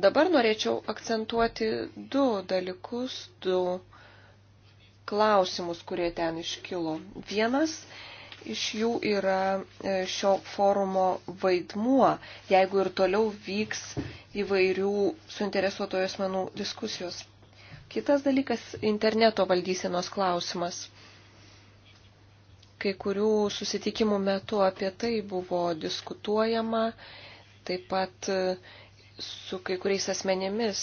Dabar norėčiau akcentuoti du dalykus, du klausimus, kurie ten iškilo. Vienas iš jų yra e, šio forumo vaidmuo, jeigu ir toliau vyks įvairių suinteresuotojų asmenų diskusijos. Kitas dalykas - interneto valdysenos klausimas. Kai kurių susitikimų metu apie tai buvo diskutuojama, taip pat uh, su kai kuriais asmenėmis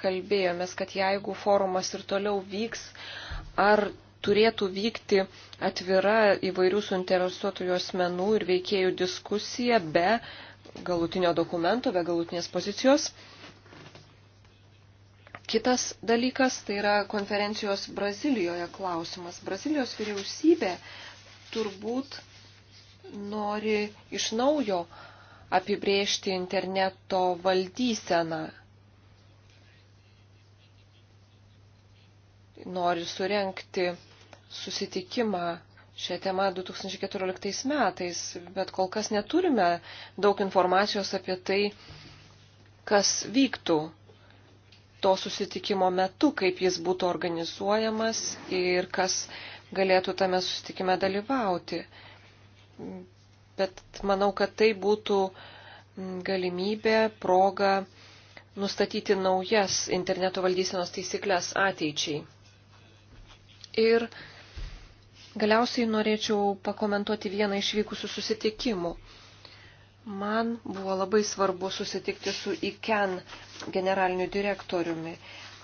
kalbėjomės, kad jeigu forumas ir toliau vyks, ar turėtų vykti atvira įvairių suinteresuotųjų asmenų ir veikėjų diskusija be galutinio dokumento, be galutinės pozicijos. Kitas dalykas tai yra konferencijos Brazilijoje klausimas. Brazilijos vyriausybė turbūt nori iš naujo apibriežti interneto valdyseną. Nori surenkti susitikimą šią temą 2014 metais, bet kol kas neturime daug informacijos apie tai, kas vyktų to susitikimo metu, kaip jis būtų organizuojamas ir kas galėtų tame susitikime dalyvauti bet manau, kad tai būtų mm, galimybė, proga nustatyti naujas interneto valdysenos taisyklės ateičiai. Ir galiausiai norėčiau pakomentuoti vieną iš vykusių susitikimų. Man buvo labai svarbu susitikti su ICAN generaliniu direktoriumi,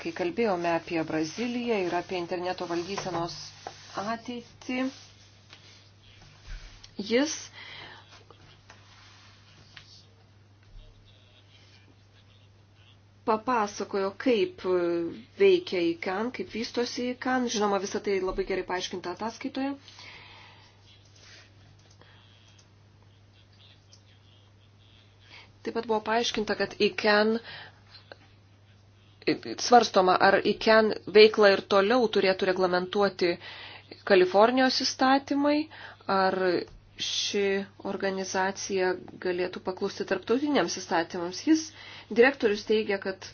kai kalbėjome apie Braziliją ir apie interneto valdysenos ateitį. Jis papasakojo, kaip e, veikia ICAN, kaip vystosi ICAN. Žinoma, visą tai labai gerai paaiškinta ataskaitoje. Taip pat buvo paaiškinta, kad ICAN svarstoma, ar ICAN veiklą ir toliau turėtų reglamentuoti Kalifornijos įstatymai, ar ši organizacija galėtų paklusti tarptautiniams įstatymams. Jis Direktorius teigia, kad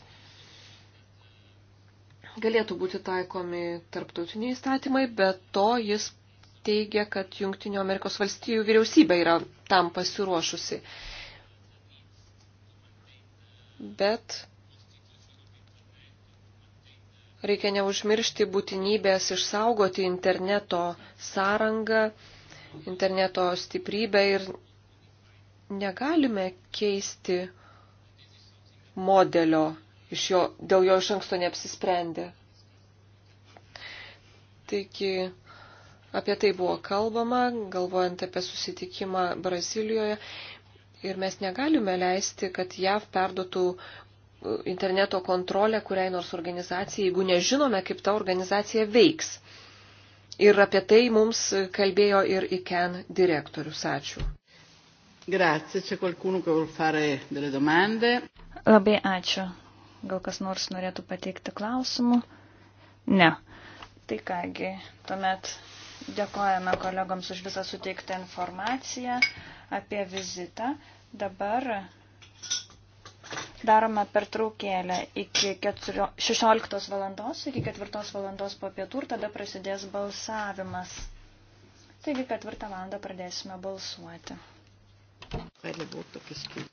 galėtų būti taikomi tarptautiniai įstatymai, bet to jis teigia, kad Junktinio Amerikos valstijų vyriausybė yra tam pasiruošusi. Bet reikia neužmiršti būtinybės išsaugoti interneto sąrangą, interneto stiprybę ir negalime keisti modelio, iš jo, dėl jo iš anksto neapsisprendė. Taigi apie tai buvo kalbama, galvojant apie susitikimą Brazilijoje. Ir mes negalime leisti, kad JAV perduotų uh, interneto kontrolę kuriai nors organizacijai, jeigu nežinome, kaip ta organizacija veiks. Ir apie tai mums kalbėjo ir ICAN direktorius. Ačiū. Grazie, čia qualcuno che vuol fare delle domande. Labai ačiū. Gal kas nors norėtų pateikti klausimų? Ne. Tai kągi, tuomet dėkojame kolegoms už visą suteiktą informaciją apie vizitą. Dabar darome pertraukėlę iki 16 valandos, iki 4 valandos po pietų ir tada prasidės balsavimas. Taigi ketvirtą valandą pradėsime balsuoti. Quelle voto che scrive.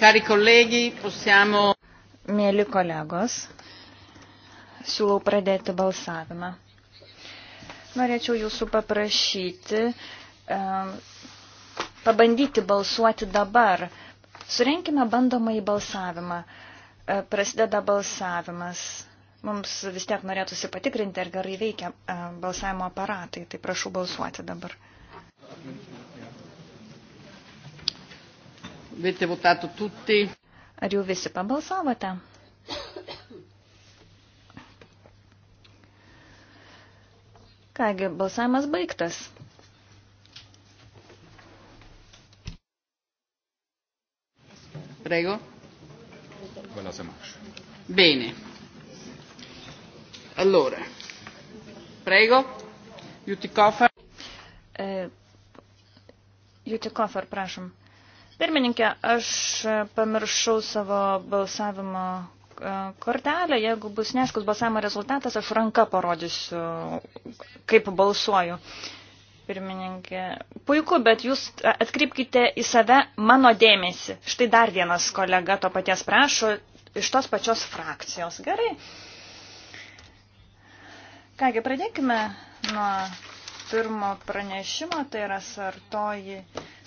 Cari colleghi, possiamo. Mėly kolegos, siūlau pradėti balsavimą. Norėčiau jūsų paprašyti, pabandyti balsuoti dabar. Surenkime bandomąjį balsavimą. E, prasideda balsavimas. Mums vis tiek norėtųsi patikrinti, ar gerai veikia e, balsavimo aparatai, tai prašau balsuoti dabar. Avete votato tutti? Ar jau visi pabalsavote? Kągi, balsavimas baigtas. Prego. Quella se marche. Bene. Allora. Prego. Jutikofer. Eh, Jutikofer, prašom. Pirmininkė, aš pamiršau savo balsavimo e, kortelę. Jeigu bus neaiškus balsavimo rezultatas, aš ranka parodysiu, kaip balsuoju. Pirmininkė, puiku, bet jūs atkreipkite į save mano dėmesį. Štai dar vienas kolega to paties prašo iš tos pačios frakcijos. Gerai. Kągi, pradėkime nuo pirmo pranešimo, tai yra Sartori,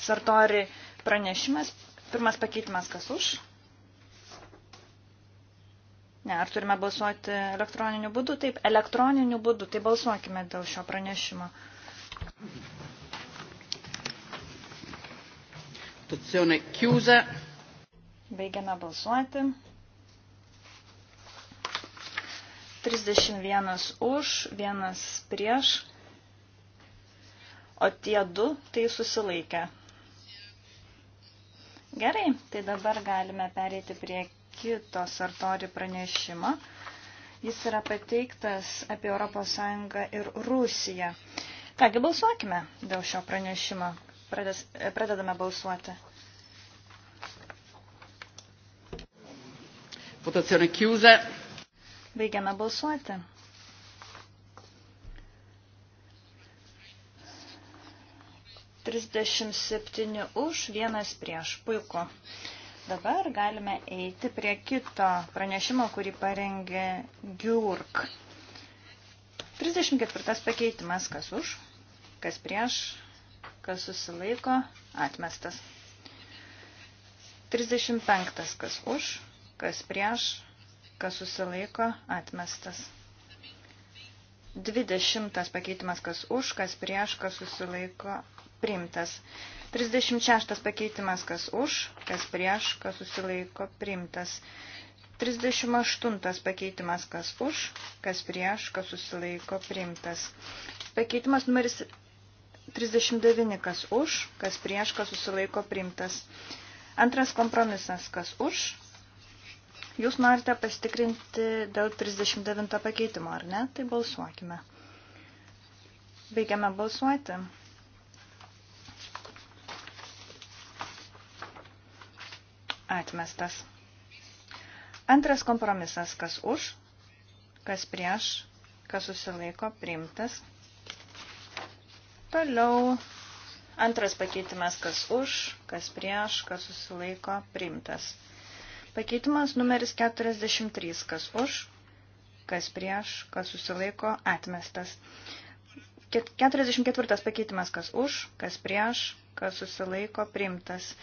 Sartori pranešimas. Pirmas pakeitimas kas už? Ne, ar turime balsuoti elektroniniu būdu? Taip, elektroniniu būdu. Tai balsuokime dėl šio pranešimo. Votazione chiusa. Baigiame balsuoti. 31 už, 1 prieš, o tie du tai susilaikė. Gerai, tai dabar galime pereiti prie kito Sartori pranešimo. Jis yra pateiktas apie ES ir Rusiją. Kągi balsuokime dėl šio pranešimo. Prades, pradedame balsuoti. Votazione chiusa. Baigiame balsuoti. 37 už, vienas prieš. Puiku. Dabar galime eiti prie kito pranešimo, kurį parengė Giurk. 34 pakeitimas, kas už, kas prieš, kas susilaiko, atmestas. 35, kas už, kas prieš, kas susilaiko, atmestas. 20 pakeitimas, kas už, kas prieš, kas susilaiko, priimtas. 36 pakeitimas, kas už, kas prieš, kas susilaiko, priimtas. 38 pakeitimas, kas už, kas prieš, kas susilaiko, priimtas. Pakeitimas numeris 39, kas už, kas prieš, kas susilaiko, priimtas. Antras kompromisas, kas už. Jūs norite pasitikrinti dėl 39 pakeitimo, ar ne? Tai balsuokime. Baigiame balsuoti. atmestas. Antras kompromisas, kas už, kas prieš, kas susilaiko, priimtas. Toliau antras pakeitimas, kas už, kas prieš, kas susilaiko, priimtas. Pakeitimas numeris 43, kas už, kas prieš, kas susilaiko, atmestas. 44 pakeitimas, kas už, kas prieš, kas susilaiko, priimtas.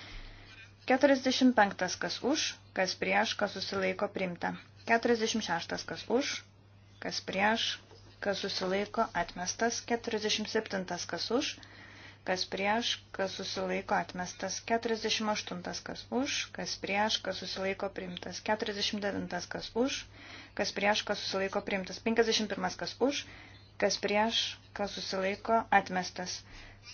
45. Kas už, kas prieš, kas susilaiko primta. 46. Kas už, kas prieš, kas susilaiko atmestas. 47. Kas už, kas prieš, kas susilaiko atmestas. 48. Kas už, kas prieš, kas susilaiko primtas. 49. Kas už, kas prieš, kas susilaiko primtas. 51. Kas už, kas prieš, kas susilaiko atmestas.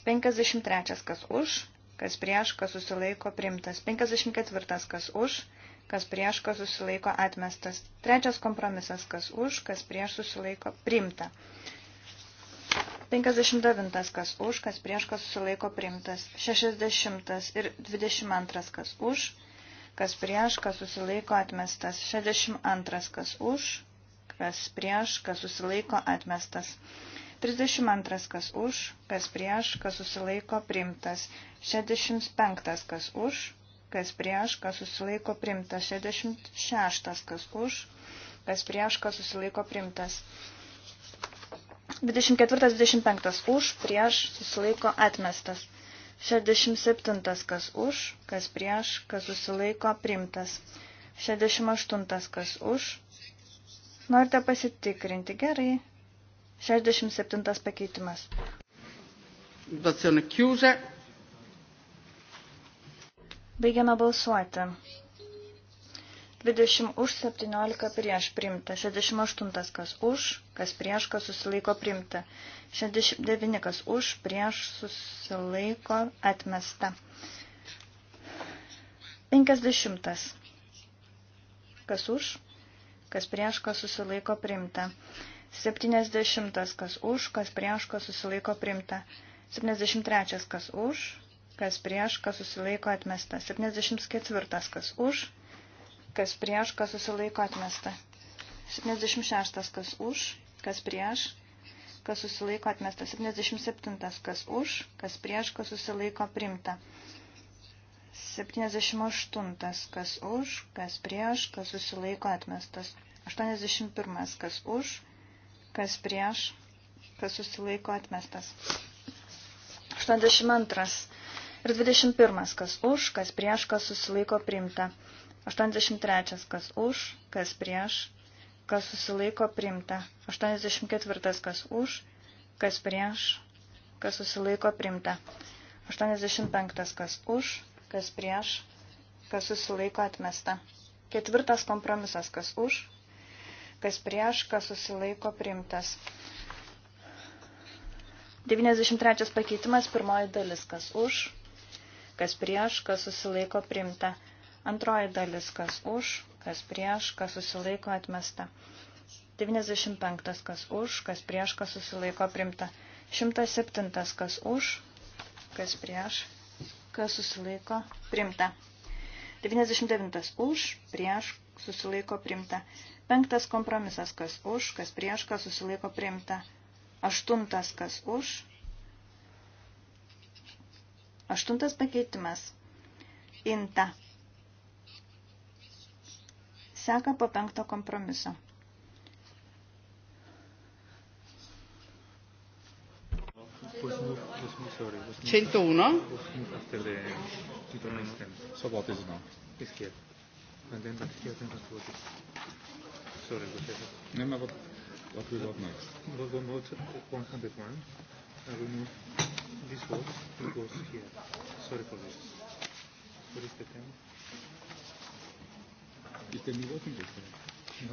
53. Kas už, kas prieš, kas susilaiko primtas. 54. kas už, kas prieš, kas susilaiko atmestas. Trečias kompromisas, kas už, kas prieš susilaiko primta. 59. kas už, kas prieš, kas susilaiko primtas. 60. ir 22. kas už, kas prieš, kas susilaiko atmestas. 62. kas už, kas prieš, kas susilaiko atmestas. 32 kas už, kas prieš, kas susilaiko primtas. 65 kas už, kas prieš, kas susilaiko primtas. 66 kas už, kas prieš, kas susilaiko primtas. 24-25 už, prieš, susilaiko atmestas. 67 kas už, kas prieš, kas susilaiko primtas. 68 kas už. Norite pasitikrinti gerai. 67 pakeitimas. Votazione chiusa. Baigiame balsuoti. 20 už 17 prieš primta, 68 kas už, kas prieš, kas susilaiko primta, 69 kas už, prieš susilaiko atmesta. 50 kas už, kas prieš, kas susilaiko primta. 70 kas už, kas prieš, kas susilaiko primta. 73 kas už, kas prieš, kas susilaiko atmesta. 74 kas už, kas prieš, kas susilaiko atmesta. 76 kas už, kas prieš, kas susilaiko atmesta. 77 kas už, kas prieš, kas susilaiko primta. 78 kas už, kas prieš, kas susilaiko atmestas. 81 kas už, kas prieš, kas susilaiko atmestas. 82 ir 21, kas už, kas prieš, kas susilaiko priimta. 83, kas už, kas prieš, kas susilaiko priimta. 84, kas už, kas prieš, kas susilaiko priimta. 85, kas už, kas prieš, kas susilaiko atmesta. Ketvirtas kompromisas, kas už, kas prieš, kas susilaiko priimtas. 93 pakeitimas, pirmoji dalis, kas už, kas prieš, kas susilaiko priimta. Antroji dalis, kas už, kas prieš, kas susilaiko atmesta. 95, kas už, kas prieš, kas susilaiko priimta. 107, kas už, kas prieš, kas susilaiko priimta. 99, už, prieš, susilaiko priimta. Penktas kompromisas, kas už, kas prieš, kas susilaiko priimta. Aštuntas, kas už. Aštuntas pakeitimas. Inta. Seka po penkto kompromiso. was moved, was moved, sorry, was moved 101. After the tutorial stem. So what is now? Is here. And then back here, then back to what is sorry. No, no, but what we got next? We'll go move to 101. I will move this vote. It goes here. Sorry for this. What is the time? Is the new voting list?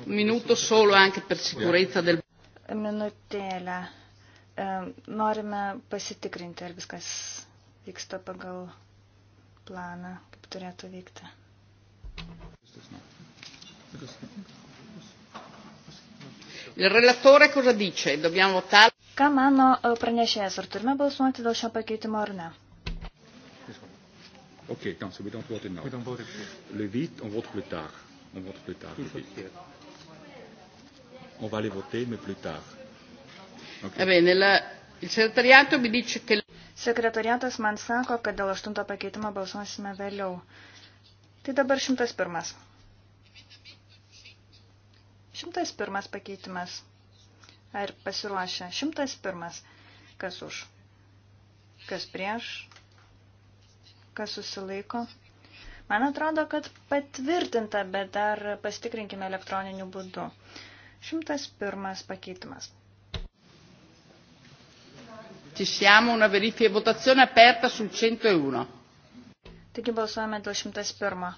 Minuto solo anche per sicurezza yeah. del... Minutėlę. Norime pasitikrinti, ar viskas vyksta pagal planą, kaip turėtų vykti. Because I think Il relatore cosa dice? Dobbiamo votare? Ką mano e, pranešėjas, ar turime balsuoti dėl šio pakeitimo ar ne? Ok, non, se we don't vote it now. We don't vote it. Le 8, on vote plus tard. On vote plus tard. Le 8. On va les voter, mais plus tard. Okay. Va bene, la, il segretariato mi dice che... Sekretariatas man sako, kad dėl aštunto pakeitimo balsuosime vėliau. Tai dabar šimtas pirmas. 101 pakeitimas. Ar pasiruošę? 101. Kas už? Kas prieš? Kas susilaiko? Man atrodo, kad patvirtinta, bet dar pastikrinkime elektroniniu būdu. 101 pakeitimas. Ci siamo una verifica e votazione aperta sul 101. Taigi balsuojame dėl 101.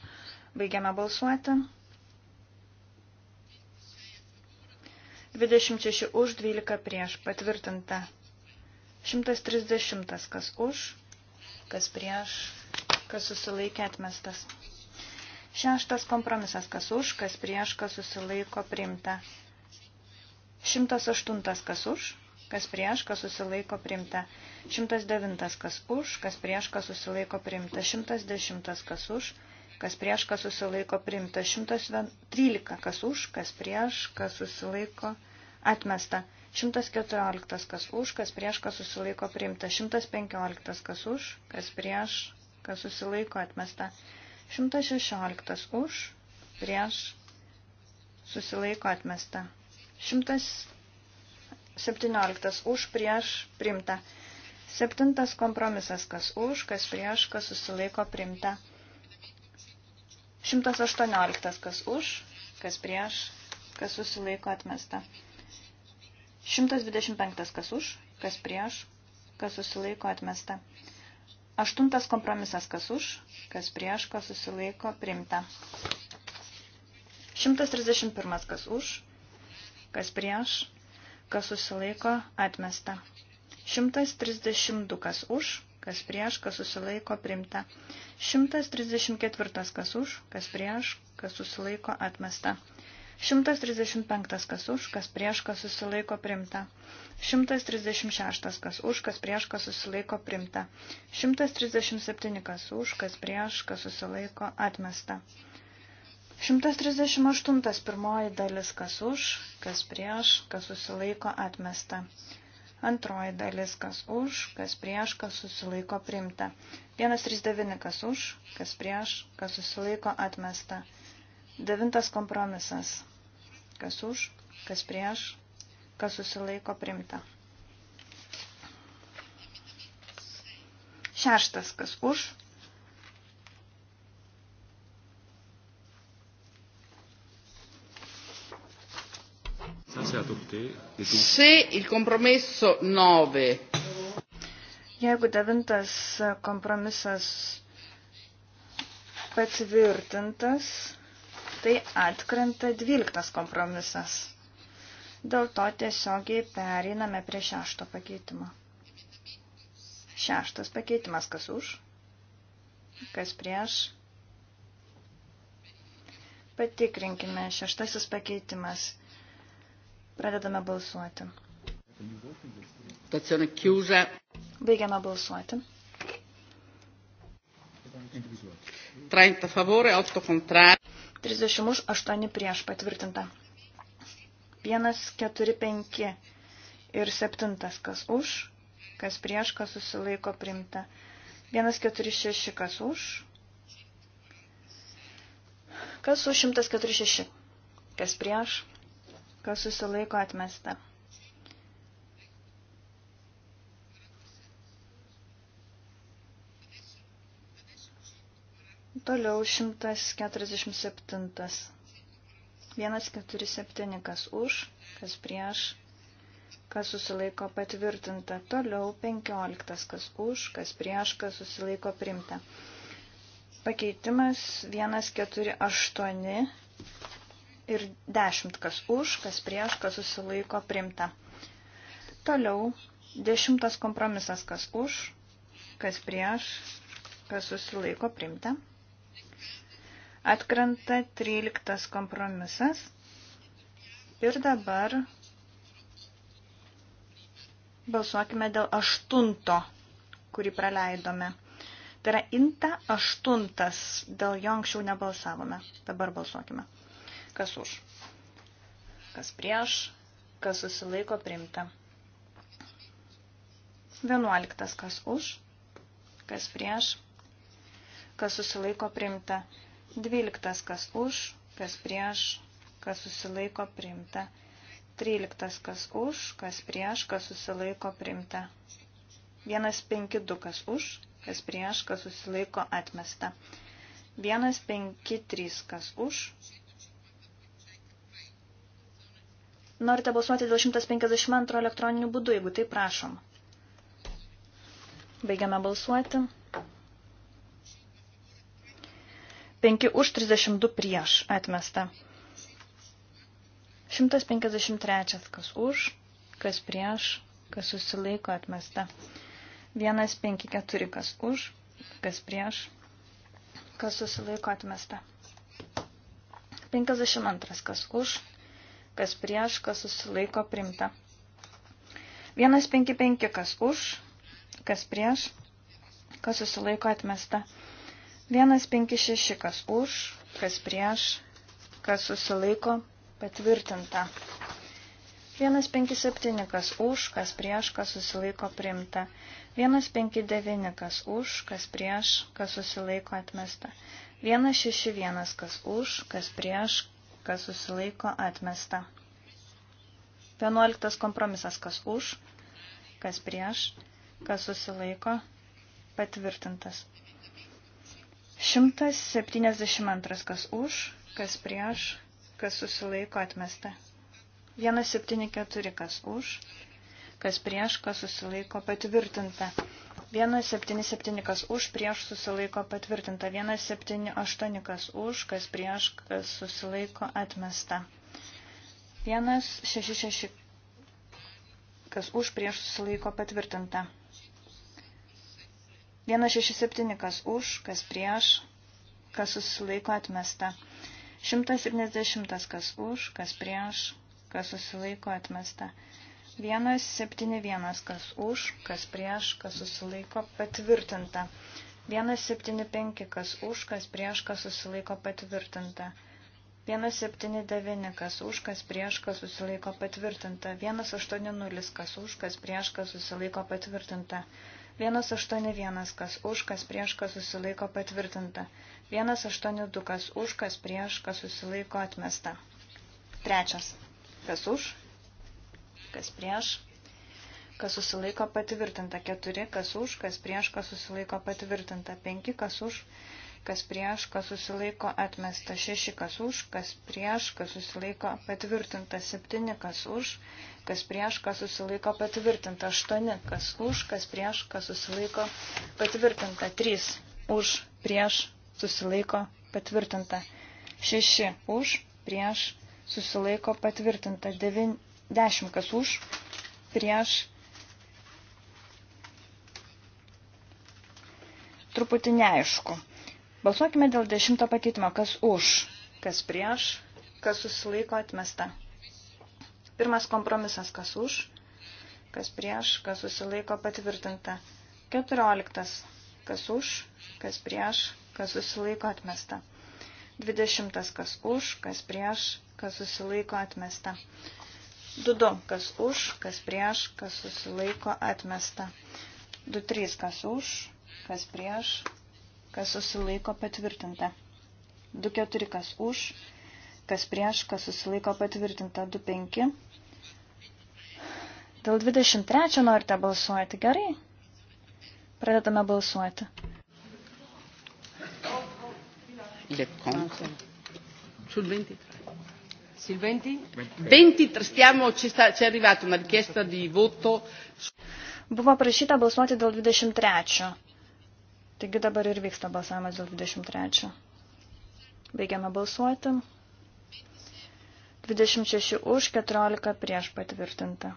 Baigiame balsuoti. 26 už, 12 prieš, patvirtinta. 130 kas už, kas prieš, kas susilaikė atmestas. Šeštas kompromisas, kas už, kas prieš, kas susilaiko priimta. 108 kas už, kas prieš, kas susilaiko priimta. 109 kas už, kas prieš, kas susilaiko priimta. 110 kas už, kas prieš, kas susilaiko primta. 113, kas už, kas prieš, kas susilaiko atmesta. 114, kas už, kas prieš, kas susilaiko primta. 115, kas už, kas prieš, kas susilaiko atmesta. 116, už, prieš, susilaiko atmesta. 117, už, prieš, primta. Septintas kompromisas, kas už, kas prieš, kas susilaiko primta. 118 kas už, kas prieš, kas susilaiko atmesta. 125 kas už, kas prieš, kas susilaiko atmesta. Aštuntas kompromisas kas už, kas prieš, kas susilaiko primta. 131 kas už, kas prieš, kas susilaiko atmesta. 132 kas už, kas prieš, kas susilaiko primta. 134 kas už, kas prieš, kas susilaiko atmesta. 135 kas už, kas prieš, kas susilaiko primta. 136 kas už, kas prieš, kas susilaiko primta. 137 kas už, kas prieš, kas susilaiko atmesta. 138 pirmoji dalis kas už, kas prieš, kas susilaiko atmesta. Antroji dalis, kas už, kas prieš, kas susilaiko primta. 139, kas už, kas prieš, kas susilaiko atmesta. Devintas kompromisas. Kas už, kas prieš, kas susilaiko primta. Šeštas, kas už, Se il compromesso 9. Jeigu devintas kompromisas patvirtintas, tai atkrenta dvyliktas kompromisas. Dėl to tiesiogiai pereiname prie šešto pakeitimo. Šeštas pakeitimas kas už, kas prieš. Patikrinkime šeštasis pakeitimas. Pradedame balsuoti. Stazione chiusa. Baigiame balsuoti. 30 favore, 8 kontrari. 30 už, 8 prieš patvirtinta. 1, 4, 5 ir 7, kas už, kas prieš, kas susilaiko primta. 1, 4, 6, kas už. Kas už 146, kas prieš, kas susilaiko atmesta. Toliau 147. 147, kas už, kas prieš, kas susilaiko patvirtinta. Toliau 15, kas už, kas prieš, kas susilaiko primta. Pakeitimas 148, ir 10, kas už, kas prieš, kas susilaiko priimta. Toliau 10 kompromisas, kas už, kas prieš, kas susilaiko priimta. Atkrenta 13 kompromisas. Ir dabar balsuokime dėl aštunto, kurį praleidome. Tai yra inta aštuntas, dėl jo anksčiau nebalsavome. Dabar balsuokime. Kas už? Kas prieš? Kas susilaiko priimta? 11. Kas už? Kas prieš? Kas susilaiko priimta? 12. Kas už? Kas prieš? Kas susilaiko priimta? 13. Kas už? Kas prieš? Kas susilaiko priimta? 152. Kas už? Kas prieš? Kas susilaiko atmesta? 1, 5, 3, kas už, Norite balsuoti dėl 152 elektroninių būdų, jeigu tai prašom. Baigiame balsuoti. 5 už 32 prieš atmesta. 153 kas už, kas prieš, kas susilaiko atmesta. 154 kas už, kas prieš, kas susilaiko atmesta. 52 kas už, kas prieš, kas susilaiko primta. 155, kas už, kas prieš, kas susilaiko atmesta. 156, kas už, kas prieš, kas susilaiko patvirtinta. 157, kas už, kas prieš, kas susilaiko primta. 159, kas už, kas prieš, kas susilaiko atmesta. 161, kas už, kas prieš, kas susilaiko atmesta. 11 kompromisas, kas už, kas prieš, kas susilaiko patvirtintas. 172, kas už, kas prieš, kas susilaiko atmesta. 174, kas už, kas prieš, kas susilaiko patvirtinta. 177 kas už, prieš susilaiko patvirtinta. 178 kas už, kas prieš, kas susilaiko atmesta. 166 kas už, prieš susilaiko patvirtinta. 167 kas už, kas prieš, kas susilaiko atmesta. 170 kas už, kas prieš, kas susilaiko atmesta. 171, kas už, kas prieš, kas susilaiko patvirtinta. 175, kas už, kas prieš, kas susilaiko patvirtinta. 179, kas už, kas prieš, kas susilaiko patvirtinta. 180, kas už, kas prieš, kas susilaiko patvirtinta. 181, kas už, kas prieš, kas susilaiko patvirtinta. 182, kas už, kas prieš, kas susilaiko atmesta. Trečias. Kas už, kas prieš, kas susilaiko patvirtinta, 4, kas už, kas prieš, kas susilaiko patvirtinta, 5, kas už, kas prieš, kas susilaiko atmesta, 6, kas už, kas prieš, kas susilaiko patvirtinta, 7, kas už, kas prieš, kas susilaiko patvirtinta, 8, kas už, kas prieš, kas susilaiko patvirtinta, 3, už, prieš, susilaiko patvirtinta, 6, už, prieš, susilaiko patvirtinta, 9 10 kas už, prieš. Truputį neaišku. Balsuokime dėl 10 pakeitimo, kas už, kas prieš, kas susilaiko atmesta. Pirmas kompromisas, kas už, kas prieš, kas susilaiko patvirtinta. 14. Kas už, kas prieš, kas susilaiko atmesta. 20. Kas už, kas prieš, kas susilaiko atmesta. 2-2, kas už, kas prieš, kas susilaiko atmesta. 2-3, kas už, kas prieš, kas susilaiko patvirtinta. 2-4, kas už, kas prieš, kas susilaiko patvirtinta. 2-5. Dėl 23 norite balsuoti, gerai? Pradedame balsuoti. Il est contre. Sul 23. Sì, il 20? 23, stiamo, ci, sta, ci è arrivata una richiesta di voto. Buvo prašyta balsuoti dėl 23. Taigi dabar ir vyksta balsavimas dėl 23. Baigiame balsuoti. 26 už, 14 prieš patvirtinta.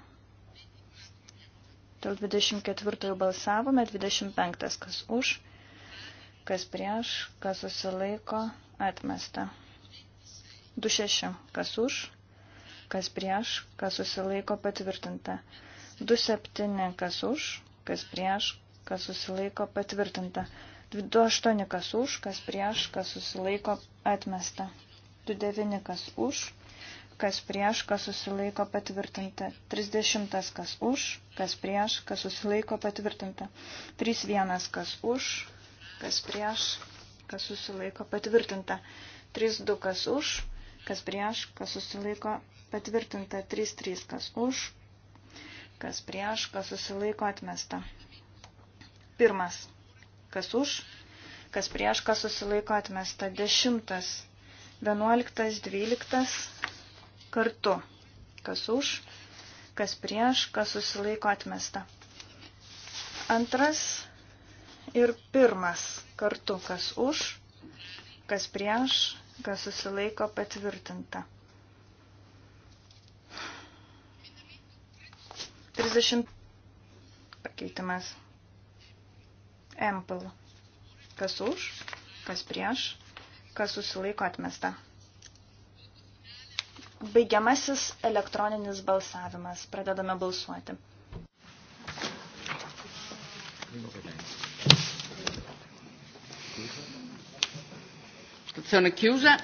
Dėl 24 balsavome, 25 kas už, kas prieš, kas susilaiko, atmesta. 26. Kas už, kas prieš, kas susilaiko patvirtinta. 27. Kas už, kas prieš, kas susilaiko patvirtinta. 28. Kas už, kas prieš, kas susilaiko atmesta. 29. Kas už, kas prieš, kas susilaiko patvirtinta. 30. Kas už, kas prieš, kas susilaiko patvirtinta. 31. Kas už, kas prieš, kas susilaiko patvirtinta. 3. Kas už, kas prieš, kas susilaiko patvirtinta 3-3, kas už, kas prieš, kas susilaiko atmesta. Pirmas, kas už, kas prieš, kas susilaiko atmesta. Dešimtas, vienuoliktas, dvyliktas, kartu, kas už, kas prieš, kas susilaiko atmesta. Antras ir pirmas kartu, kas už, kas prieš, kas susilaiko patvirtinta. 30 pakeitimas. Ample. Kas už, kas prieš, kas susilaiko atmesta. Baigiamasis elektroninis balsavimas. Pradedame balsuoti. Thank you. votazione chiusa.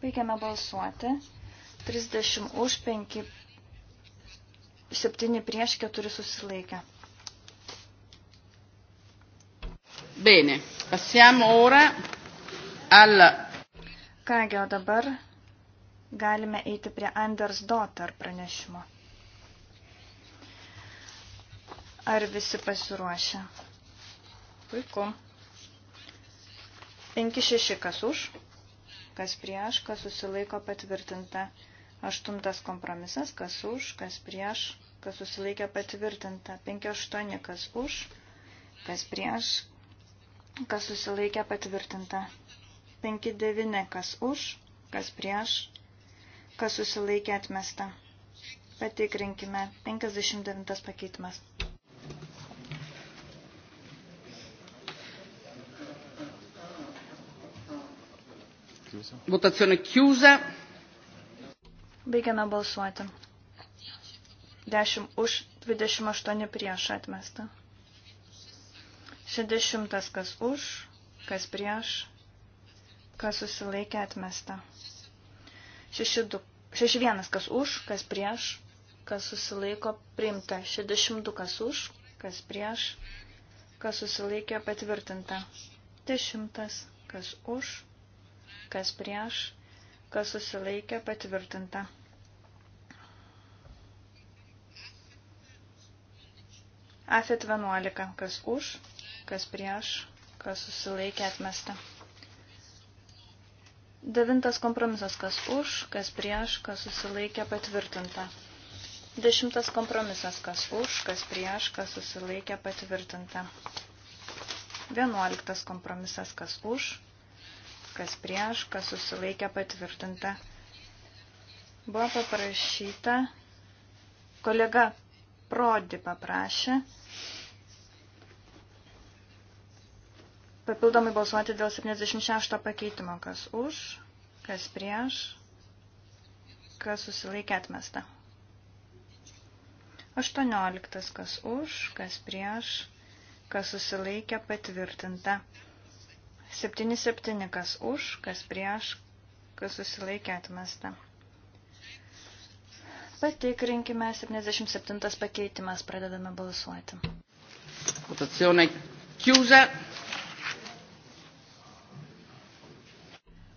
Baigiame balsuoti. 30 už 5, 7 prieš 4 susilaikę. Bene, passiamo ora al. Kągi, o dabar galime eiti prie Anders Dotter pranešimo. Ar visi pasiruošę? Puiku. 5-6 kas už, kas prieš, kas susilaiko patvirtinta. Aštuntas kompromisas, kas už, kas prieš, kas susilaikė patvirtinta. 5-8 kas už, kas prieš, kas susilaikė patvirtinta. 5-9 kas už, kas prieš, kas susilaikė atmesta. Patikrinkime. 59 pakeitimas. Votazione chiusa. Baigiame balsuoti. 10 už, 28 prieš atmesta. 60 kas už, kas prieš, kas susilaikė atmesta. 61 kas už, kas prieš, kas susilaiko priimta. 62 kas už, kas prieš, kas susilaikė patvirtinta. 10 kas už, kas prieš, kas susilaikė patvirtinta. Afet 11, kas už, kas prieš, kas susilaikė atmesta. Devintas kompromisas, kas už, kas prieš, kas susilaikė patvirtinta. Dešimtas kompromisas, kas už, kas prieš, kas susilaikė patvirtinta. Vienuoliktas kompromisas, kas už, kas prieš, kas susilaikė patvirtinta. Buvo paprašyta, kolega Prodi paprašė papildomai balsuoti dėl 76 pakeitimo, kas už, kas prieš, kas susilaikė atmesta. 18. Kas už, kas prieš, kas susilaikė patvirtinta. 77, kas už, kas prieš, kas susilaikė atmesta. Patikrinkime 77 pakeitimas, pradedame balsuoti. Votazione chiusa.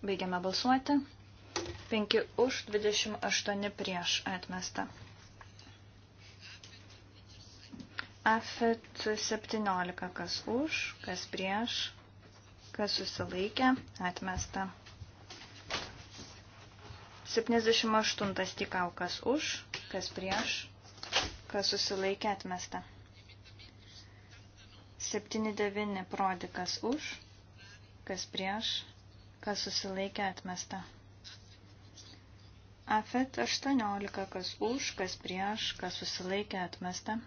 Baigiame balsuoti. 5 už, 28 prieš atmesta. AFET 17, kas už, kas prieš, kas susilaikė, atmesta. 78 tikau, kas už, kas prieš, kas susilaikė, atmesta. 79 prodi, kas už, kas prieš, kas susilaikė, atmesta. Afet 18, kas už, kas prieš, kas susilaikė, atmesta.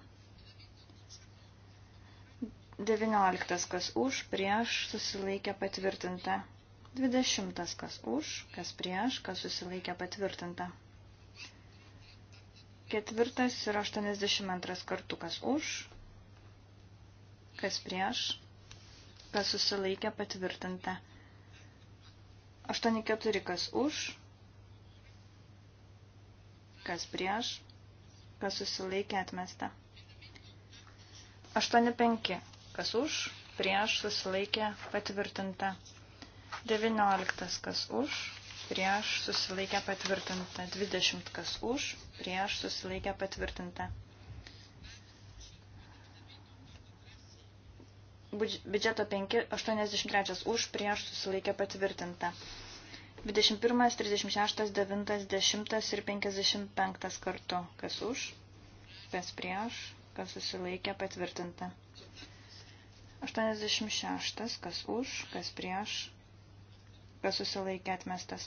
19 kas už, prieš, susilaikė patvirtinta. 20 kas už, kas prieš, kas susilaikė patvirtinta. Ketvirtas ir 82 kartu kas už, kas prieš, kas susilaikė patvirtinta. 84 kas už, kas prieš, kas susilaikė atmesta. 85 Kas už, prieš, susilaikė, patvirtinta. 19. Kas už, prieš, susilaikė, patvirtinta. 20. Kas už, prieš, susilaikė, patvirtinta. Biudžeto 5, 83 už, prieš, susilaikė, patvirtinta. 21, 36, 9, 10 ir 55 kartu. Kas už, kas prieš, kas susilaikė, patvirtinta. 86. Kas už, kas prieš, kas susilaikė atmestas.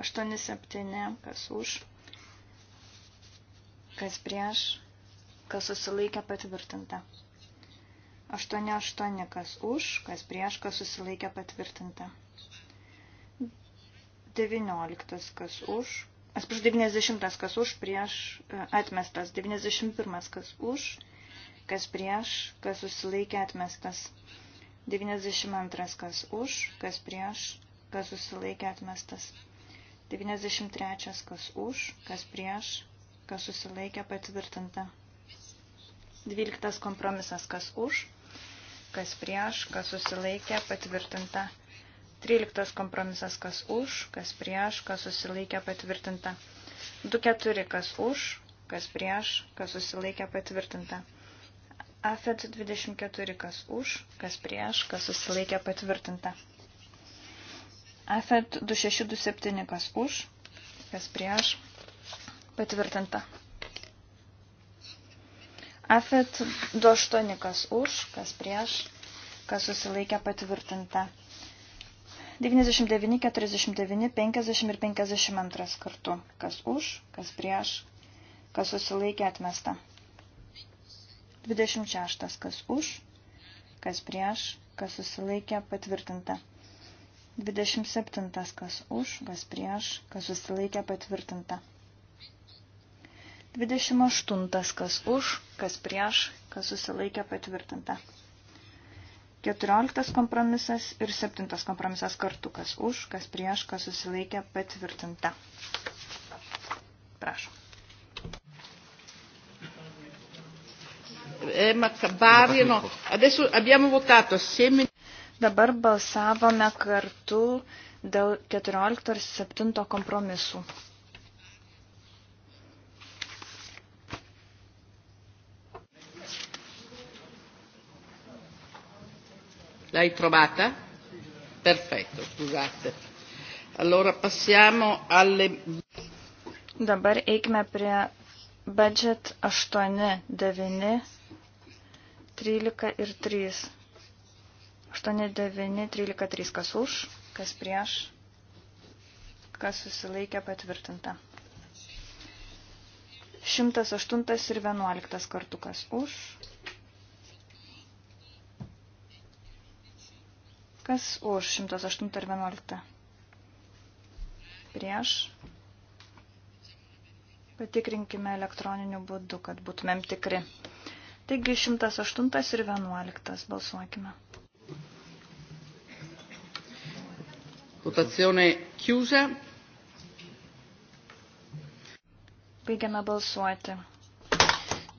87. Kas už, kas prieš, kas susilaikė patvirtinta. 88. Kas už, kas prieš, kas susilaikė patvirtinta. 19. Kas už, Atsiprašau, 90 kas už, prieš e, atmestas, 91 kas už, kas prieš, kas susilaikė atmestas. 92 kas už, kas prieš, kas susilaikė atmestas. 93 kas už, kas prieš, kas susilaikė patvirtinta. 12 kompromisas kas už, kas prieš, kas susilaikė patvirtinta. 13 kompromisas kas už, kas prieš, kas susilaikė patvirtinta. 24 kas už, kas prieš, kas susilaikė patvirtinta. 24, AFET 24, kas už, kas prieš, kas susilaikė patvirtinta. AFET 2627, kas už, kas prieš, patvirtinta. AFET 28, kas už, kas prieš, kas susilaikė patvirtinta. 99, 49, 50 ir 52 kartu. Kas už, kas prieš, kas susilaikė atmesta. 26. Kas už, kas prieš, kas susilaikė, patvirtinta. 27. Kas už, kas prieš, kas susilaikė, patvirtinta. 28. Kas už, kas prieš, kas susilaikė, patvirtinta. 14 kompromisas ir 7 kompromisas kartu, kas už, kas prieš, kas susilaikė, patvirtinta. Prašom. eh, variano. Adesso abbiamo votato assieme. Dabar balsavome kartu dėl 14 ir 7 kompromisų. L'hai trovata? Perfetto, scusate. Allora passiamo alle... Dabar eikime prie budget 8, 9, 13 ir 3. 8, 9, 13, 3. Kas už, kas prieš, kas susilaikė patvirtinta. 108 ir 11 kartu kas už, Kas už 108 ir 11? Prieš. Patikrinkime elektroniniu būdu, kad būtumėm tikri. Taigi 108 ir 11 balsuokime. Votazione chiusa. Baigiame balsuoti.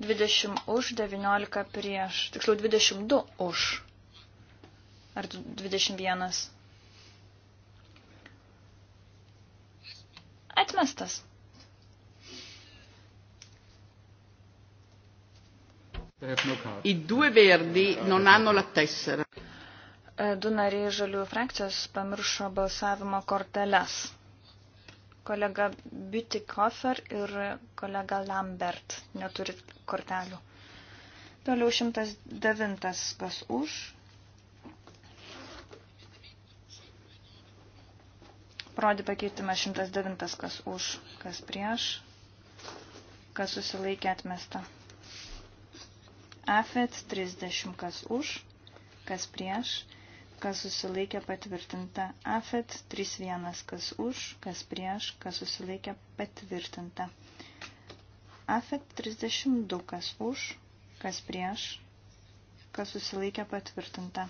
20 už, 19 prieš. Tiksliau 22 už. Ar 21. Atmestas. I due verdi non hanno la tessera. E, du nariai žaliųjų frakcijos pamiršo balsavimo korteles. Kolega Bütikofer ir kolega Lambert neturi kortelių. Toliau 109 kas už. Prodi pakeitimas 109 kas už, kas prieš, kas susilaikė atmesta. AFET 30 kas už, kas prieš, kas susilaikė patvirtinta. AFET 31 kas už, kas prieš, kas susilaikė patvirtinta. AFET 32 kas už, kas prieš, kas susilaikė patvirtinta.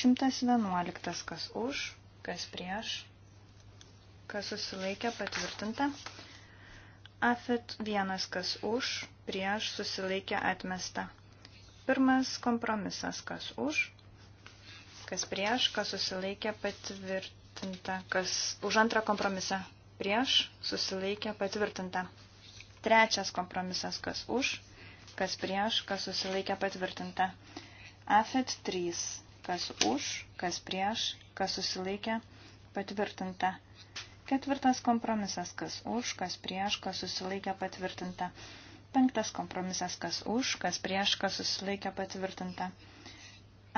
111 kas už, kas prieš, kas susilaikė patvirtinta. Afet vienas, kas už, prieš, susilaikė atmesta. Pirmas kompromisas, kas už, kas prieš, kas susilaikė patvirtinta, kas už antrą kompromisą, prieš, susilaikė patvirtinta. Trečias kompromisas, kas už, kas prieš, kas susilaikė patvirtinta. Afet 3, kas už, kas prieš, kas susilaikė patvirtinta. Ketvirtas kompromisas, kas už, kas prieš, kas susilaikė patvirtinta. Penktas kompromisas, kas už, kas prieš, kas susilaikė patvirtinta.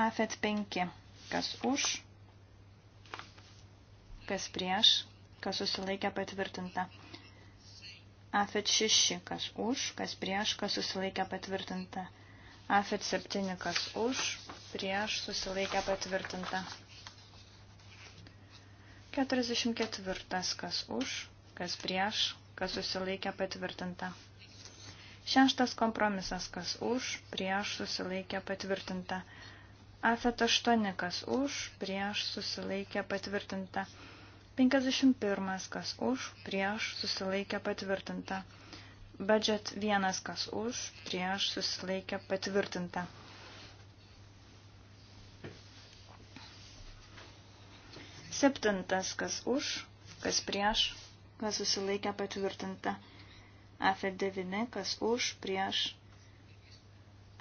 AFET 5, kas už, kas prieš, kas susilaikė patvirtinta. AFET 6, kas už, kas prieš, kas susilaikė patvirtinta. AFET 7, kas už, prieš, susilaikė patvirtinta. 44. Kas už, kas prieš, kas susilaikė patvirtinta. Šeštas kompromisas, kas už, prieš susilaikė patvirtinta. Afet 8, kas už, prieš susilaikė patvirtinta. 51, kas už, prieš susilaikė patvirtinta. Budget 1, kas už, prieš susilaikė patvirtinta. Septintas, kas už, kas prieš, kas susilaikė patvirtinta. AFE 9, kas už, prieš,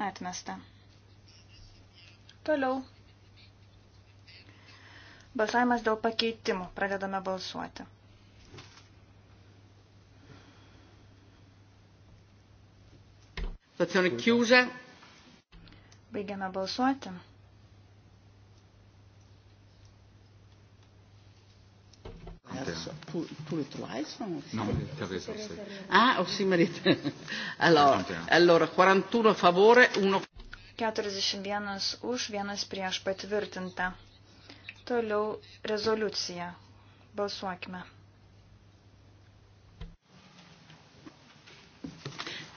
atmesta. Toliau. Balsavimas dėl pakeitimų. Pradedame balsuoti. Stazione chiusa. Baigiame balsuoti. adesso. Tu, tu le trovai sono? No, Teresa. Sì. Ah, oh sì, Maria Allora, allora, 41 a favore, 1... 41 už, 1 prieš patvirtinta. Toliau rezoliucija. Balsuokime.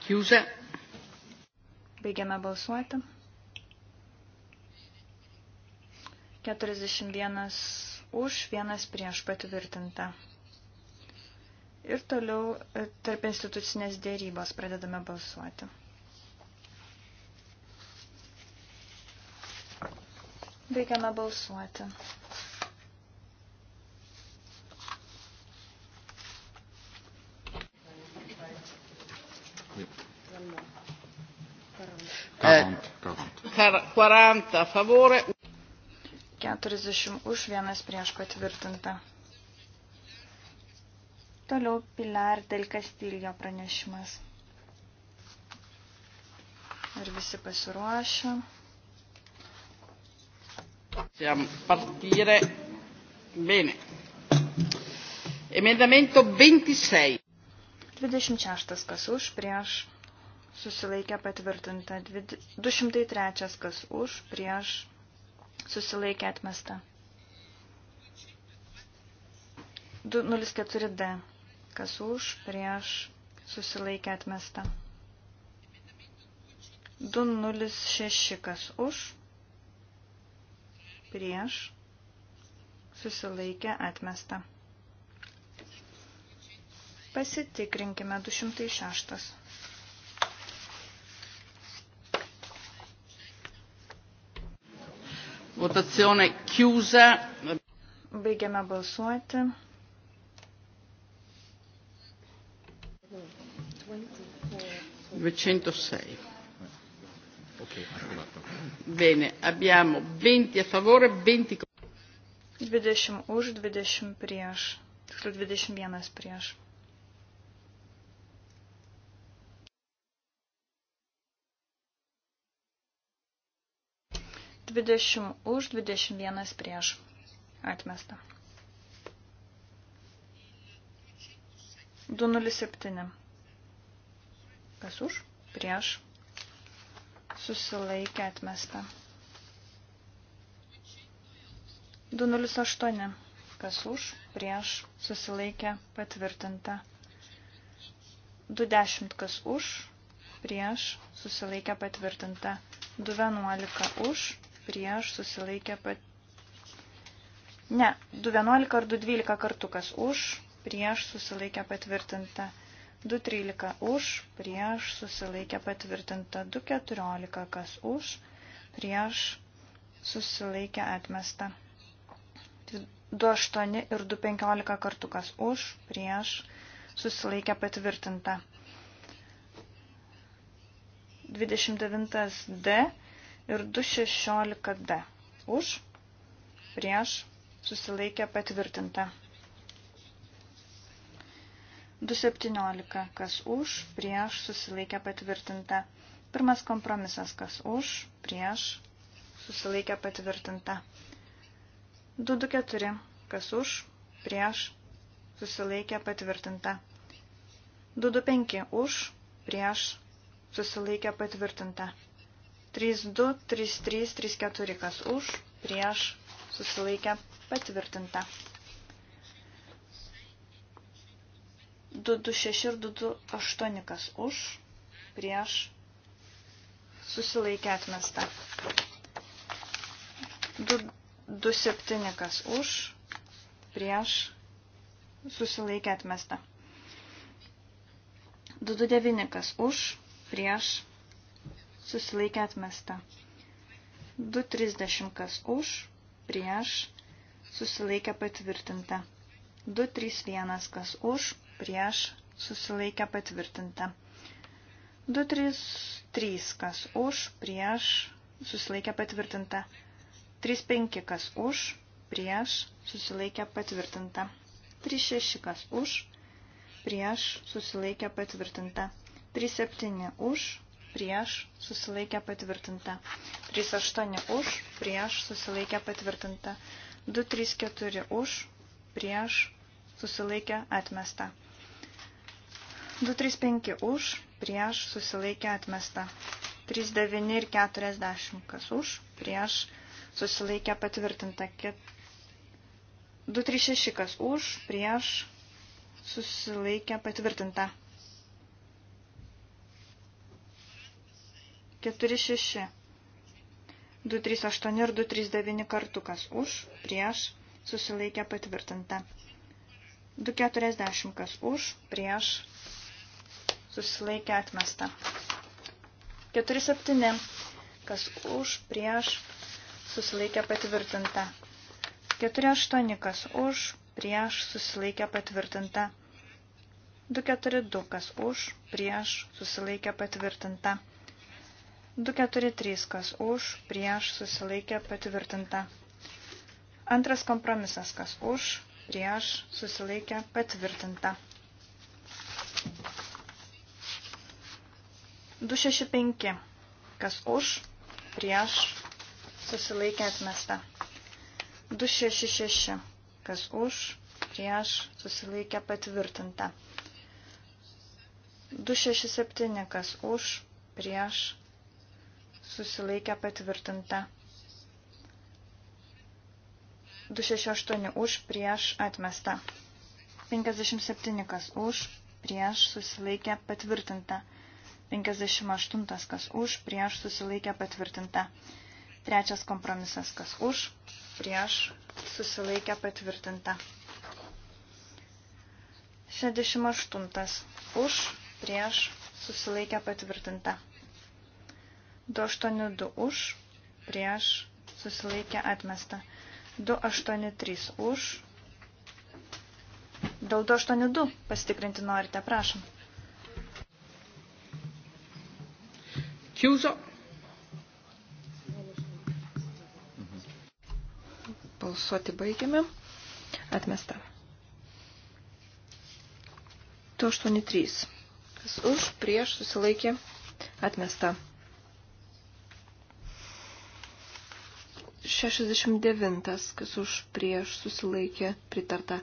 Chiusa. Baigiame balsuoti. 41 už, vienas prieš patvirtinta. Ir toliau e, tarp institucinės dėrybos pradedame balsuoti. Baigiame balsuoti. Eh, 40 a favore. 40 už, vienas prieš patvirtinta. Toliau Pilar del Castillo pranešimas. Ir visi pasiruošę. Siamo partire. Bene. Emendamento 26. 26 kas už, prieš susilaikė patvirtinta. 203 kas už, prieš susilaikė atmesta. 204D, kas už, prieš, susilaikė atmesta. 206, kas už, prieš, susilaikė atmesta. Pasitikrinkime 206. Votazione chiusa. Baigiame balsuoti. Duecentosei. Bene, abbiamo 20 a favore, 20 contro. 20 už, 20 prieš. Tiksliau 21 prieš. 20 už, 21 prieš. Atmesta. 207. Kas už? Prieš. Susilaikė atmesta. 208. Kas už? Prieš. Susilaikė patvirtinta. 210. Kas už? Prieš. Susilaikė patvirtinta. 211 už, prieš susilaikė pat... Ne, 2.11 ar 2.12 kartų, kas už, prieš susilaikė patvirtinta. 2.13 už, prieš susilaikė patvirtinta. 2.14 kas už, prieš susilaikė atmesta. 2.8 ir 2.15 kartų, kas už, prieš susilaikė patvirtinta. 29D ir 216D. Už, prieš, susilaikė patvirtinta. 217, kas už, prieš, susilaikė patvirtinta. Pirmas kompromisas, kas už, prieš, susilaikė patvirtinta. 224, kas už, prieš, susilaikė patvirtinta. 225, už, prieš, susilaikė patvirtinta. 226, 32, 33, 34, kas už, prieš, susilaikę, patvirtinta. 226 ir 228, kas už, prieš, susilaikę, atmesta. 227, kas už, prieš, susilaikę, atmesta. 229, kas už, prieš, susilaikė atmesta. 2.30 kas už, prieš, susilaikė patvirtinta. 2.31 kas už, prieš, susilaikė patvirtinta. 2.33 kas už, prieš, susilaikė patvirtinta. 3.5 kas už, prieš, susilaikė patvirtinta. 3.6 kas už, prieš, susilaikė patvirtinta. 3.7 už, prieš susilaikę patvirtinta. 38 už, prieš susilaikę patvirtinta. 234 už, prieš susilaikę atmesta. 235 už, prieš susilaikę atmesta. 39 ir 40 kas už, prieš susilaikę patvirtinta. 236 kas už, prieš susilaikę patvirtinta. 4-6. 238 ir 239 kartu, kas už, prieš, susilaikė patvirtinta. 240 kas už, prieš, susilaikė atmesta. 47 kas už, prieš, susilaikė patvirtinta. 48 kas už, prieš, susilaikė patvirtinta. 242 kas už, prieš, susilaikė patvirtinta. 243 243, kas už, prieš, susilaikė, patvirtinta. Antras kompromisas, kas už, prieš, susilaikė, patvirtinta. 265, kas už, prieš, susilaikė, atmesta. 266, kas už, prieš, susilaikė, patvirtinta. 267, kas už, prieš, susilaikė patvirtinta. 268 už, prieš atmesta. 57 kas už, prieš susilaikė patvirtinta. 58 kas už, prieš susilaikė patvirtinta. Trečias kompromisas kas už, prieš susilaikė patvirtinta. 68 už, prieš susilaikė patvirtinta. 282 už, prieš, susilaikė atmesta. 283 už. Dėl 282 pasitikrinti norite, prašom. Kiuzo. Balsuoti baigiame. Atmesta. 283. Kas už, prieš, susilaikė, atmesta. 169, kas už prieš susilaikė pritarta.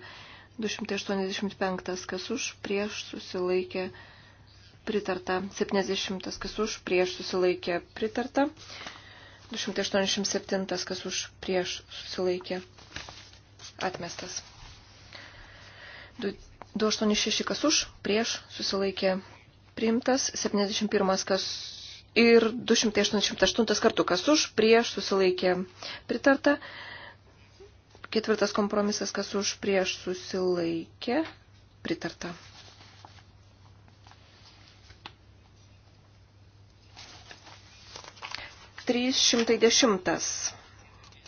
285, kas už prieš susilaikė pritarta. 70, kas už prieš susilaikė pritarta. 287, kas už prieš susilaikė atmestas. 286, kas už prieš susilaikė priimtas. 71, kas ir 288 kartų, kas už, prieš susilaikė pritarta. Ketvirtas kompromisas, kas už, prieš susilaikė pritarta. Trys šimtai dešimtas.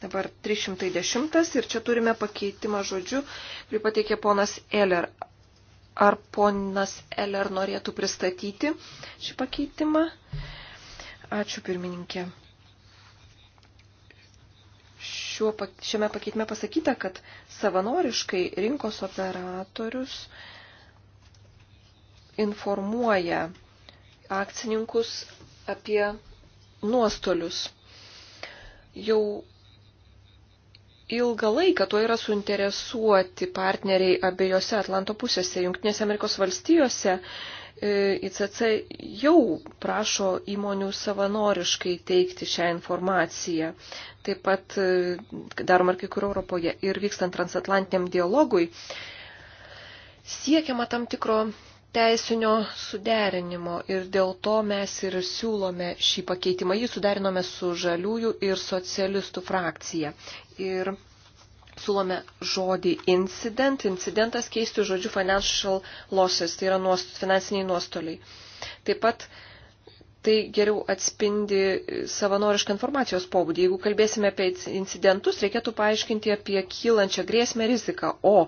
Dabar 310 ir čia turime pakeitimą žodžiu, kurį pateikė ponas Eller. Ar ponas Eller norėtų pristatyti šį pakeitimą? Ačiū pirmininkė. Šiuo, šiame pakeitime pasakyta, kad savanoriškai rinkos operatorius informuoja akcininkus apie nuostolius. Jau ilgą laiką tuo yra suinteresuoti partneriai abiejose Atlanto pusėse, Junktinėse Amerikos valstijose E, ICC jau prašo įmonių savanoriškai teikti šią informaciją. Taip pat e, daroma ir kai kur Europoje ir vykstant transatlantiniam dialogui siekiama tam tikro teisinio suderinimo ir dėl to mes ir siūlome šį pakeitimą. Jį suderinome su žaliųjų ir socialistų frakcija. Ir siūlome žodį incident, incidentas keisti žodžiu financial losses, tai yra nuost, finansiniai nuostoliai. Taip pat tai geriau atspindi savanorišką informacijos pobūdį. Jeigu kalbėsime apie incidentus, reikėtų paaiškinti apie kylančią grėsmę riziką, o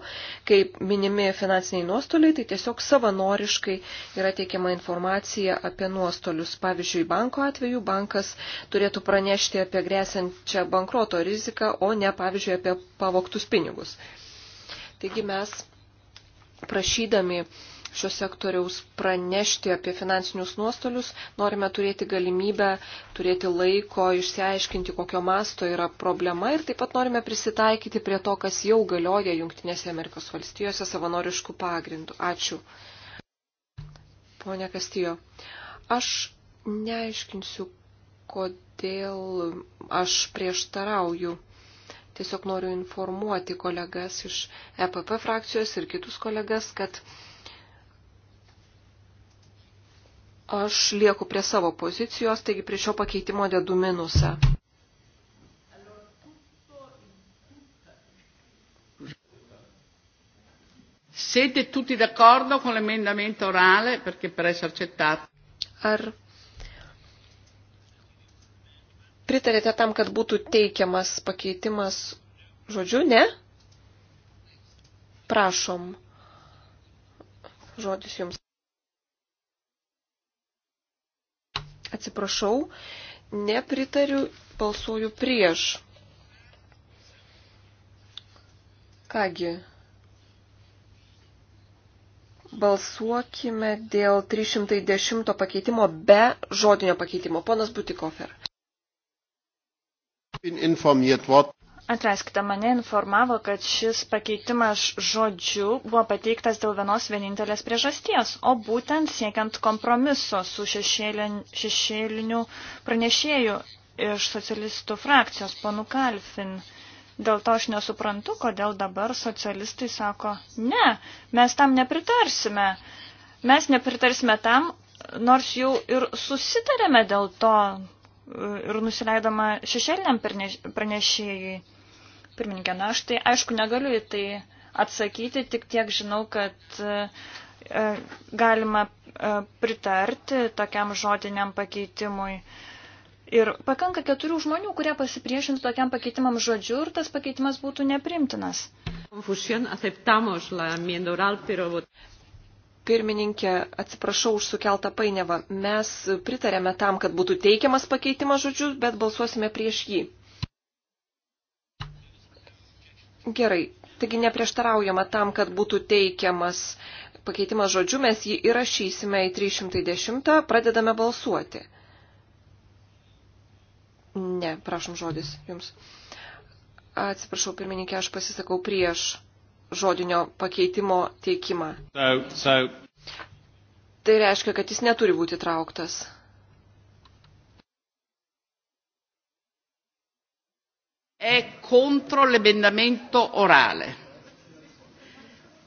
kaip minimi finansiniai nuostoliai, tai tiesiog savanoriškai yra teikiama informacija apie nuostolius. Pavyzdžiui, banko atveju bankas turėtų pranešti apie grėsiančią bankroto riziką, o ne, pavyzdžiui, apie pavoktus pinigus. Taigi mes prašydami šio sektoriaus pranešti apie finansinius nuostolius, norime turėti galimybę, turėti laiko išsiaiškinti, kokio masto yra problema ir taip pat norime prisitaikyti prie to, kas jau galioja Junktinėse Amerikos valstijose savanoriškų pagrindų. Ačiū. Pone Kastijo, aš neaiškinsiu, kodėl aš prieštarauju. Tiesiog noriu informuoti kolegas iš EPP frakcijos ir kitus kolegas, kad Aš lieku prie savo pozicijos, taigi prie šio pakeitimo dedu minusą. Siete tutti d'accordo con l'emendamento orale perché per essere accettato? Ar pritarėte tam, kad būtų teikiamas pakeitimas žodžiu, ne? Prašom. Žodis jums. Atsiprašau, nepritariu, balsuoju prieš. Kągi, balsuokime dėl 310 pakeitimo be žodinio pakeitimo. Ponas Butikofer. Atleiskite, mane informavo, kad šis pakeitimas žodžiu buvo pateiktas dėl vienos vienintelės priežasties, o būtent siekiant kompromiso su šešėlin, šešėliniu pranešėju iš socialistų frakcijos, ponu Kalfin. Dėl to aš nesuprantu, kodėl dabar socialistai sako, ne, mes tam nepritarsime. Mes nepritarsime tam, nors jau ir susitarėme dėl to e, ir nusileidama šešėliniam pranešėjui. Pirmininkė, na aš tai aišku negaliu į tai atsakyti, tik tiek žinau, kad e, e, galima e, pritarti tokiam žodiniam pakeitimui. Ir pakanka keturių žmonių, kurie pasipriešintų tokiam pakeitimam žodžiu ir tas pakeitimas būtų neprimtinas. Pirmininkė, atsiprašau už sukeltą painiavą. Mes pritarėme tam, kad būtų teikiamas pakeitimas žodžiu, bet balsuosime prieš jį. Gerai, taigi neprieštaraujama tam, kad būtų teikiamas pakeitimas žodžiu, mes jį įrašysime į 310, pradedame balsuoti. Ne, prašom žodis jums. Atsiprašau, pirmininkė, aš pasisakau prieš žodinio pakeitimo teikimą. So, so. Tai reiškia, kad jis neturi būti trauktas. è contro l'emendamento orale.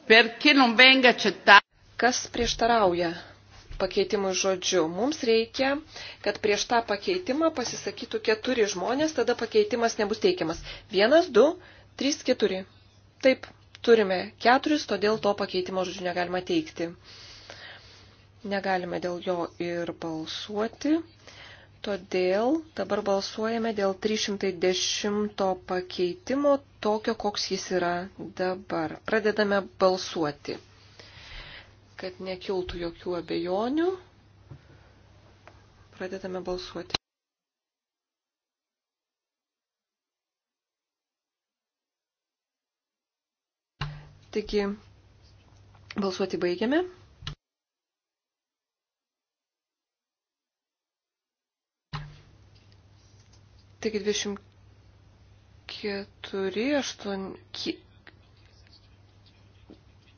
Perché non venga accettato? Kas prieštarauja pakeitimui žodžiu? Mums reikia, kad prieš tą pakeitimą pasisakytų keturi žmonės, tada pakeitimas nebus teikiamas. Vienas, du, trys, keturi. Taip, turime keturis, todėl to pakeitimo žodžiu negalima teikti. Negalime dėl jo ir balsuoti. Todėl dabar balsuojame dėl 310 pakeitimo tokio, koks jis yra dabar. Pradedame balsuoti, kad nekiltų jokių abejonių. Pradedame balsuoti. Taigi, balsuoti baigiame. Taigi 24, 8,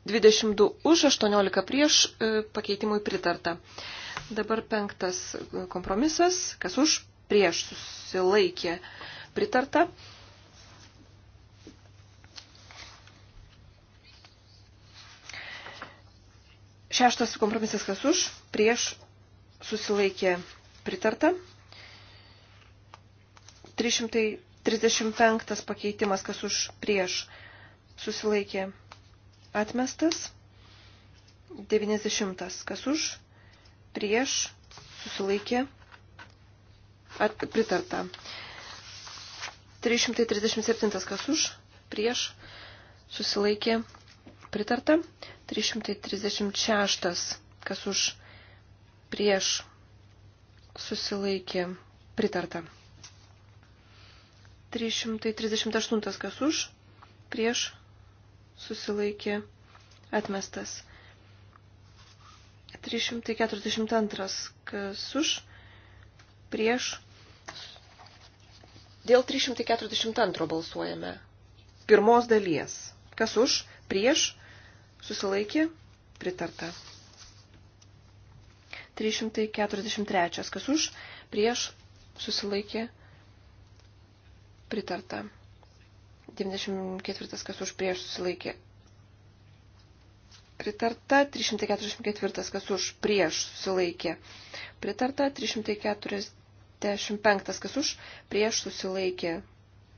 22 už, 18 prieš e, pakeitimui pritarta. Dabar penktas e, kompromisas, kas už, prieš susilaikė pritarta. Šeštas kompromisas, kas už, prieš susilaikė pritarta. 335 pakeitimas, kas už prieš susilaikė atmestas. 90. Kas už prieš susilaikė at, pritarta. 337. Kas už prieš susilaikė pritarta. 336. Kas už prieš susilaikė pritarta. 338 kas už, prieš susilaikė atmestas. 342 kas už, prieš. Dėl 342 balsuojame. Pirmos dalies. Kas už, prieš, susilaikė, pritarta. 343. Kas už, prieš, susilaikė, pritarta pritarta. 94 kas už prieš susilaikė. Pritarta 344 kas už prieš susilaikė. Pritarta 345 kas už prieš susilaikė.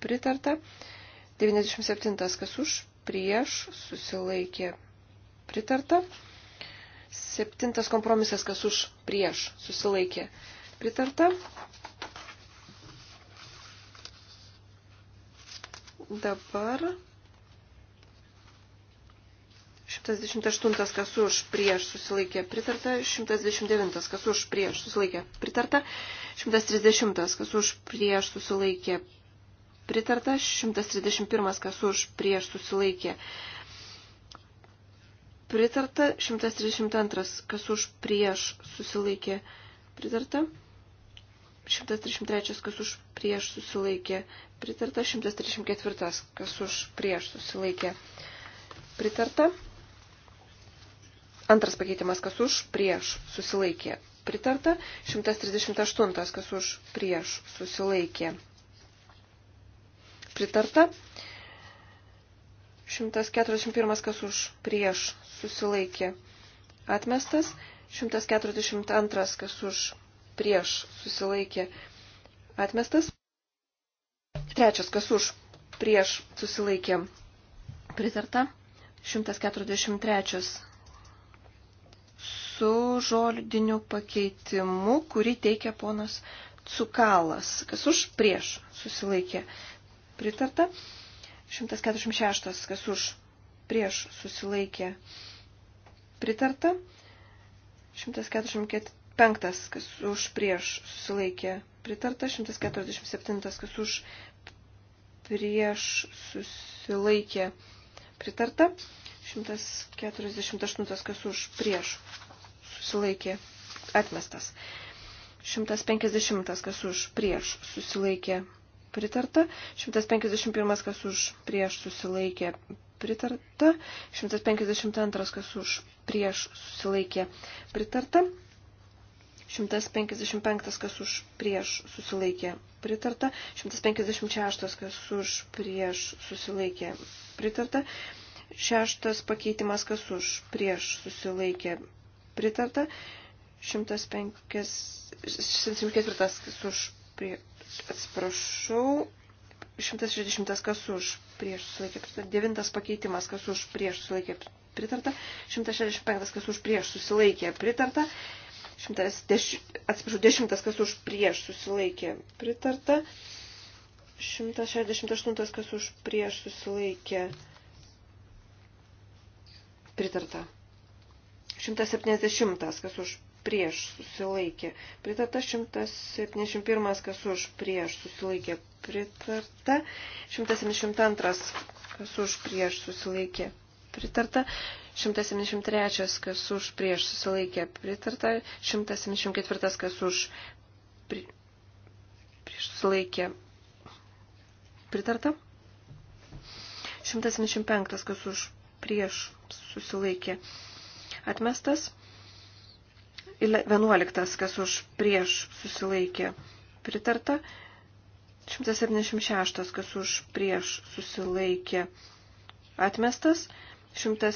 Pritarta 97 kas už prieš susilaikė. Pritarta. Septintas kompromisas kas už prieš susilaikė. Pritarta. Dabar 128 kas už prieš susilaikė pritarta, 129 kas už prieš susilaikė pritarta, 130 kas už prieš susilaikė pritarta, 131 kas už prieš susilaikė pritarta, 132 kas už prieš susilaikė pritarta. 133, kas už prieš susilaikė. Pritarta 134, kas už prieš susilaikė. Pritarta. Antras pakeitimas, kas už prieš susilaikė. Pritarta. 138, kas už prieš susilaikė. Pritarta. 141, kas už prieš susilaikė. Atmestas. 142, kas už prieš susilaikė atmestas. Trečias, kas už prieš susilaikė pritarta. 143 su žodiniu pakeitimu, kurį teikia ponas Cukalas. Kas už prieš susilaikė pritarta. 146 kas už prieš susilaikė pritarta. 144 Penktas, kas už prieš susilaikė pritarta, 147, kas už prieš susilaikė pritarta, 148, kas už prieš susilaikė atmestas, 150, kas už prieš susilaikė pritarta, 151, kas už prieš susilaikė pritarta, 152, kas už prieš susilaikė pritarta. 155 kas už prieš susilaikė pritarta, 156 kas už prieš susilaikė pritarta, šeštas pakeitimas kas už prieš susilaikė pritarta, 154 kas už prie, atsiprašau, 160 kas už prieš susilaikė pritarta, 9 pakeitimas kas už prieš susilaikė pritarta, 165 kas už prieš susilaikė pritarta, 110, atsiprašau, 10 kas už prieš susilaikė pritarta. 168 kas už prieš susilaikė pritarta. 170 kas už prieš susilaikė pritarta. 171 kas už prieš susilaikė pritarta. 172 kas už prieš susilaikė pritarta. 173 kas už prieš susilaikė pritarta, 174 kas už pri, prieš susilaikė pritarta, 175 kas už prieš susilaikė atmestas, 11 kas už prieš susilaikė pritarta, 176 kas už prieš susilaikė atmestas, 100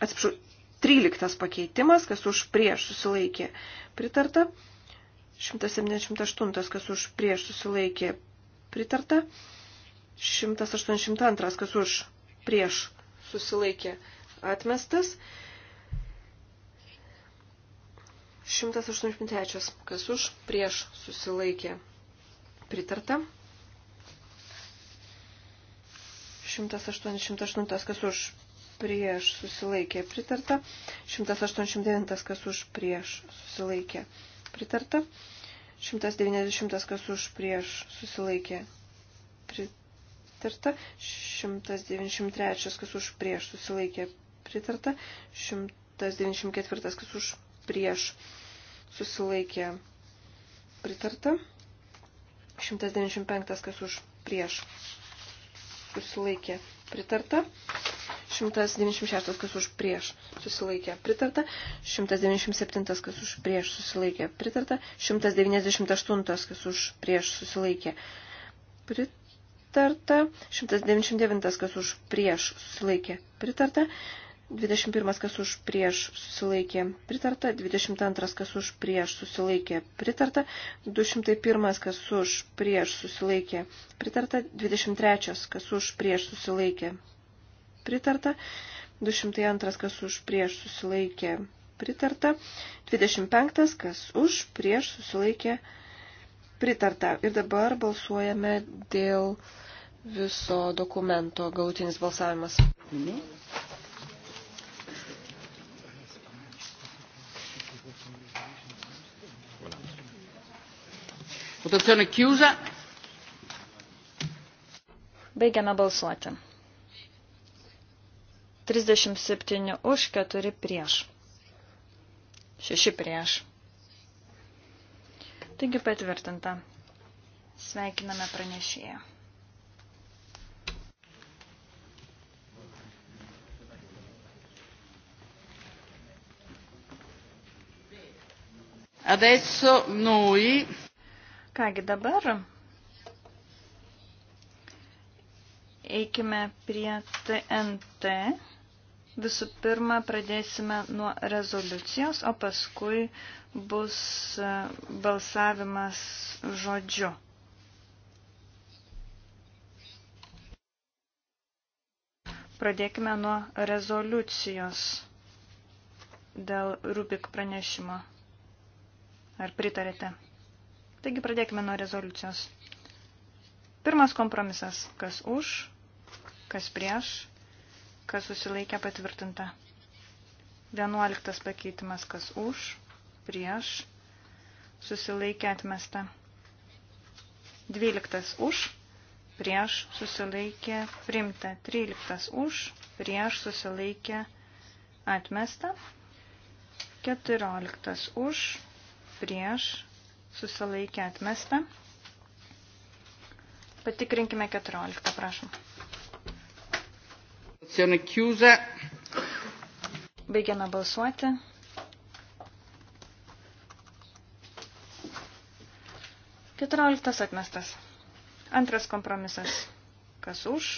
atsiprašau, 13 pakeitimas, kas už prieš susilaikė pritarta, 178, kas už prieš susilaikė pritarta, 182, kas už prieš susilaikė atmestas, 183, kas už prieš susilaikė pritarta, 188, kas už prieš susilaikė pritarta, 189 kas už prieš susilaikė pritarta, 190 kas už prieš susilaikė pritarta, 193 kas už prieš susilaikė pritarta, 194 kas už prieš susilaikė pritarta, 195 kas už prieš susilaikė pritarta. 196 kas už prieš susilaikė pritarta, 197 kas už prieš susilaikė pritarta, 198 kas už prieš susilaikė pritarta, 199 kas už prieš susilaikė pritarta, 21 kas už prieš susilaikė pritarta, 22 kas už prieš susilaikė pritarta, 201 kas už prieš susilaikė pritarta, 23 kas už prieš susilaikė pritarta, 202 kas už prieš susilaikė pritarta, 25 kas už prieš susilaikė pritarta. Ir dabar balsuojame dėl viso dokumento gautinis balsavimas. Mhm. Votazione chiusa. Baigiame balsuoti. 37 už, 4 prieš. 6 prieš. Taigi patvirtinta. Sveikiname pranešėją. Adesso noi. Kągi dabar eikime prie TNT. Visų pirma, pradėsime nuo rezoliucijos, o paskui bus e, balsavimas žodžiu. Pradėkime nuo rezoliucijos dėl Rubik pranešimo. Ar pritarėte? Taigi pradėkime nuo rezoliucijos. Pirmas kompromisas. Kas už, kas prieš, kas susilaikė patvirtinta. 11 pakeitimas, kas už, prieš, susilaikė atmesta. 12 už, prieš, susilaikė primta. 13 už, prieš, susilaikė atmesta. 14 už, prieš, susilaikė atmesta. Patikrinkime 14, prašom. Baigiame balsuoti. Keturioliktas atmestas. Antras kompromisas. Kas už,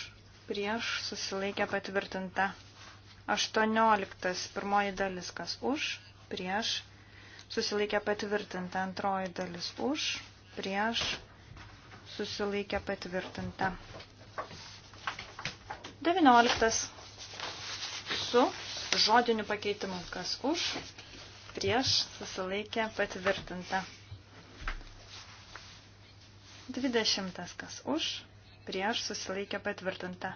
prieš, susilaikė patvirtinta. Aštuonioliktas, pirmoji dalis. Kas už, prieš, susilaikė patvirtinta. Antroji dalis už, prieš, susilaikė patvirtinta. 19 su žodiniu pakeitimu, kas už, prieš, susilaikė, patvirtinta. 20 kas už, prieš, susilaikė, patvirtinta.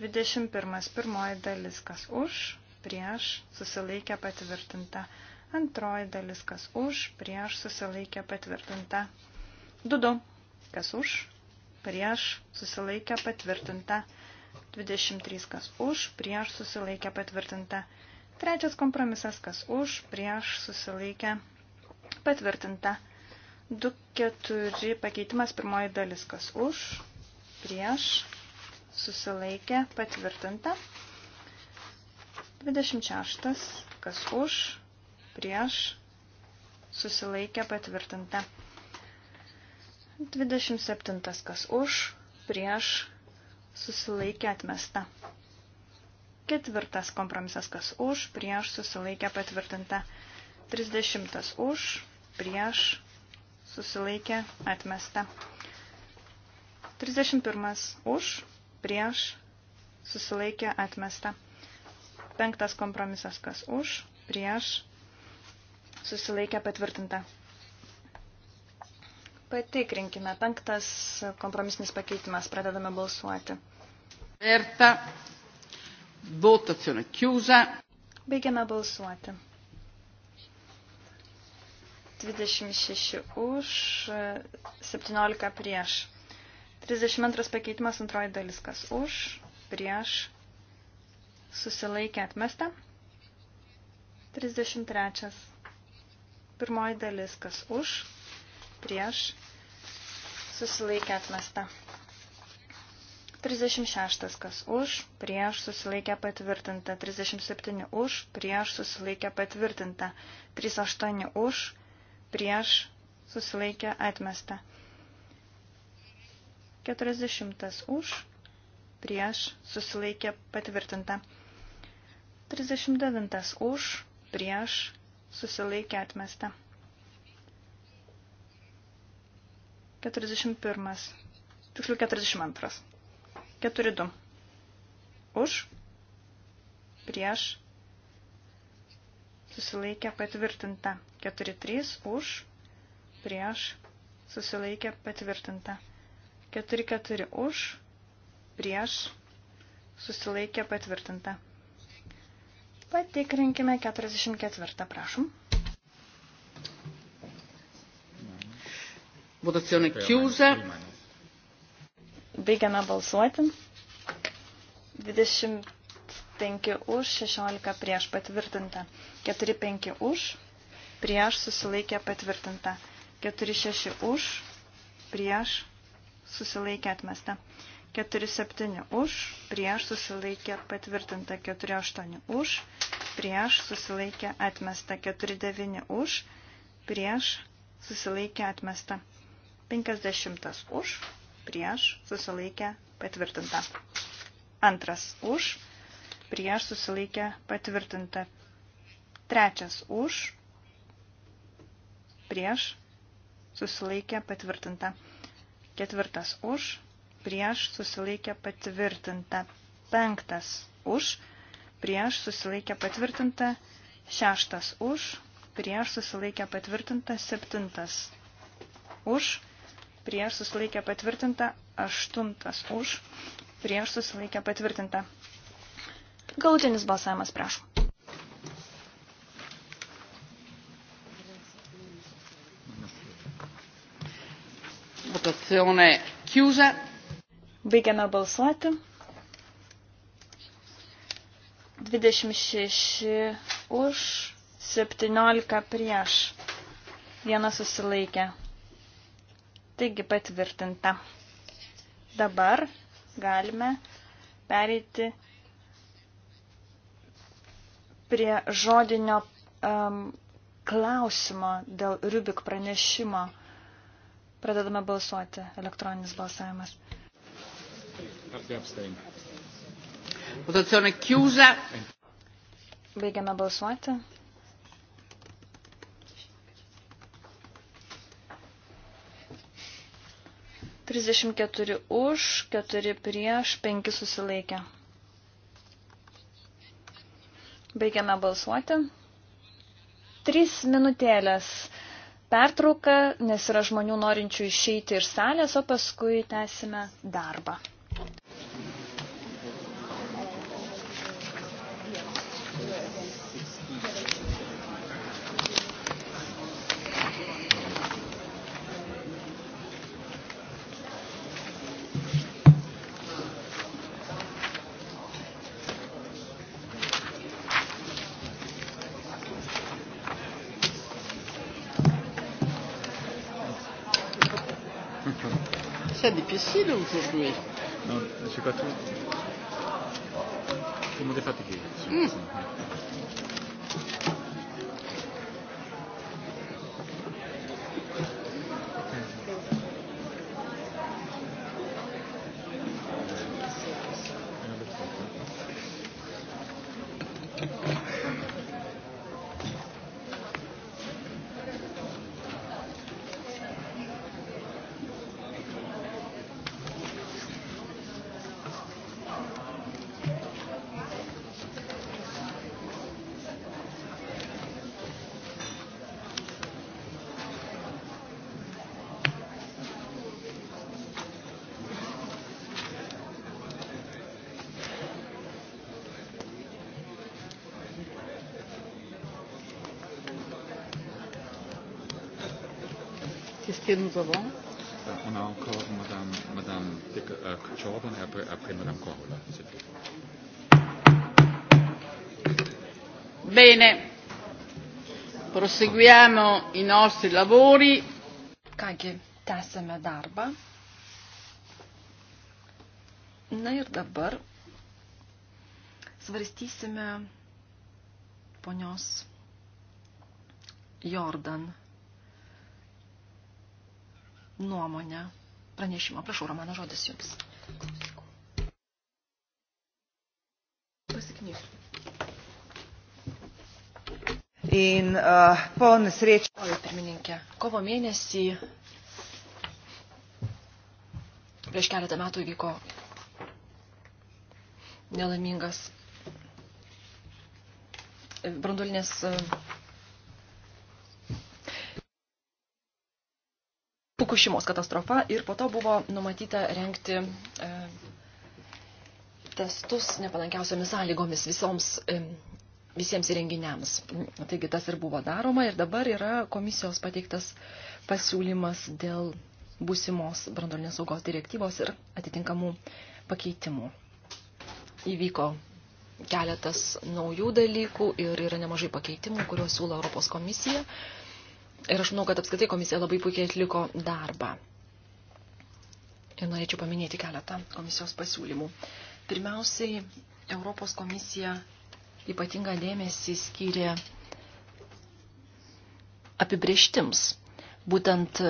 21 pirmoji dalis, kas už, prieš, susilaikė, patvirtinta. Antroji dalis, kas už, prieš, susilaikė, patvirtinta. 2-2, kas už, prieš, susilaikė, patvirtinta. 2 23 kas už, prieš susilaikę patvirtinta. Trečias kompromisas kas už, prieš susilaikę patvirtinta. 2-4 pakeitimas pirmoji dalis kas už, prieš susilaikę patvirtinta. 26 kas už, prieš susilaikę patvirtinta. 27 kas už, prieš susilaikė atmesta. Ketvirtas kompromisas, kas už, prieš, susilaikė patvirtinta. Trisdešimtas už, prieš, susilaikė atmesta. Trisdešimt pirmas už, prieš, susilaikė atmesta. Penktas kompromisas, kas už, prieš, susilaikė patvirtinta. Patikrinkime. Penktas kompromisinis pakeitimas. Pradedame balsuoti. Erta. Votazione chiusa. Baigiame balsuoti. 26 už, 17 prieš. 32 pakeitimas antroji dalis, kas už, prieš, susilaikė atmesta. 33. Pirmoji dalis, kas už, prieš, susilaikė atmesta. 36. Kas už, prieš susilaikė patvirtinta. 37. Už, prieš susilaikė patvirtinta. 38. Už, prieš susilaikė atmesta. 40. Už, prieš susilaikė patvirtinta. 39. Už, prieš susilaikė atmesta. 41. Tiksliau 42. 42. Už. Prieš. Susilaikė patvirtinta. 43. Už. Prieš. Susilaikė patvirtinta. 44. Už. Prieš. Susilaikė patvirtinta. Patikrinkime 44. Prašom. Votazione chiusa. Baigiame balsuoti. 25 už, 16 prieš patvirtinta. 4, 5 už, prieš susilaikė patvirtinta. 4, 6 už, prieš susilaikė atmesta. 4, 7 už, prieš susilaikė patvirtinta. 4, 8 už, prieš susilaikė atmesta. 4, 9 už, prieš susilaikė atmesta. 50 už, prieš, susilaikę, patvirtinta. Antras už, prieš, susilaikę, patvirtinta. Trečias už, prieš, susilaikę, patvirtinta. Ketvirtas už, prieš, susilaikę, patvirtinta. Penktas už, prieš, susilaikę, patvirtinta. Šeštas už, prieš, susilaikę, patvirtinta. Septintas už, prieš, prieš susilaikė patvirtinta, aštuntas už, prieš susilaikė patvirtinta. Galutinis balsavimas, prašom. Votazione chiusa. Baigiame balsuoti. 26 už, 17 prieš. Vienas susilaikė. Taigi patvirtinta. Dabar galime pereiti prie žodinio um, klausimo dėl Rubik pranešimo. Pradedame balsuoti. Elektroninis balsavimas. Votazione chiusa. Baigiame balsuoti. 34 už, 4 prieš, 5 susilaikė. Baigiame balsuoti. 3 minutėlės pertrauka, nes yra žmonių norinčių išeiti iš salės, o paskui tęsime darbą. difficile aujourd'hui. Non, je pas tout. Tout le monde est fatigué. Mm. Thank you. que nous avons On a encore Madame, Madame äh, Jordan et après, après Madame Corolla. Bene, proseguiamo i nostri lavori. Kągi, tęsime darbą. Na ir dabar svarstysime ponios Jordan nuomonę pranešimą. Prašau, Romano žodis jums. Pasiknysiu. In uh, po nesreči. Pirmininkė, kovo mėnesį prieš keletą metų įvyko nelaimingas branduolinės uh, Fukushimos katastrofa ir po to buvo numatyta renkti e, testus nepalankiausiamis sąlygomis visoms, e, visiems įrenginiams. Taigi tas ir buvo daroma ir dabar yra komisijos pateiktas pasiūlymas dėl būsimos brandolinės saugos direktyvos ir atitinkamų pakeitimų. Įvyko keletas naujų dalykų ir yra nemažai pakeitimų, kuriuos siūlo Europos komisija. E, Ir aš manau, kad apskritai komisija labai puikiai atliko darbą. Ir norėčiau paminėti keletą komisijos pasiūlymų. Pirmiausiai, Europos komisija ypatingą dėmesį skyrė apibrieštims. Būtent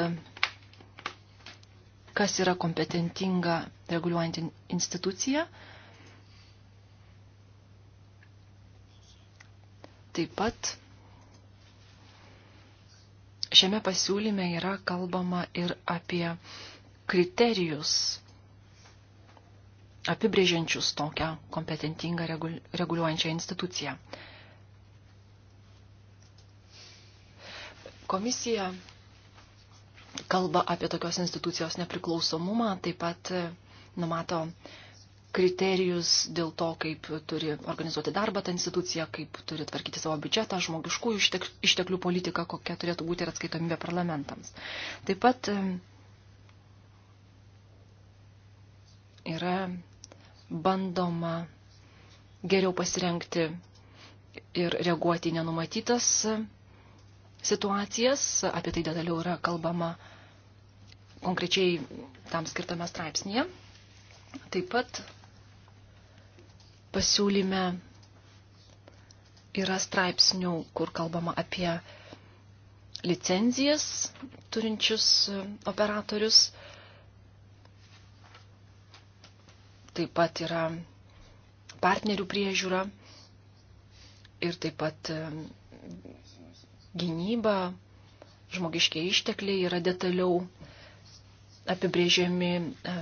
kas yra kompetentinga reguliuojant instituciją. Taip pat Šiame pasiūlyme yra kalbama ir apie kriterijus apibrėžiančius tokią kompetentingą reguliuojančią instituciją. Komisija kalba apie tokios institucijos nepriklausomumą, taip pat numato kriterijus dėl to, kaip turi organizuoti darbą ta institucija, kaip turi tvarkyti savo biudžetą, žmogiškų išteklių politiką, kokia turėtų būti ir atskaitomybė parlamentams. Taip pat yra bandoma geriau pasirengti ir reaguoti į nenumatytas situacijas. Apie tai detaliau yra kalbama konkrečiai tam skirtame straipsnėje. Taip pat pasiūlyme yra straipsnių, kur kalbama apie licenzijas turinčius operatorius. Taip pat yra partnerių priežiūra ir taip pat e, gynyba, žmogiškiai ištekliai yra detaliau apibrėžiami e,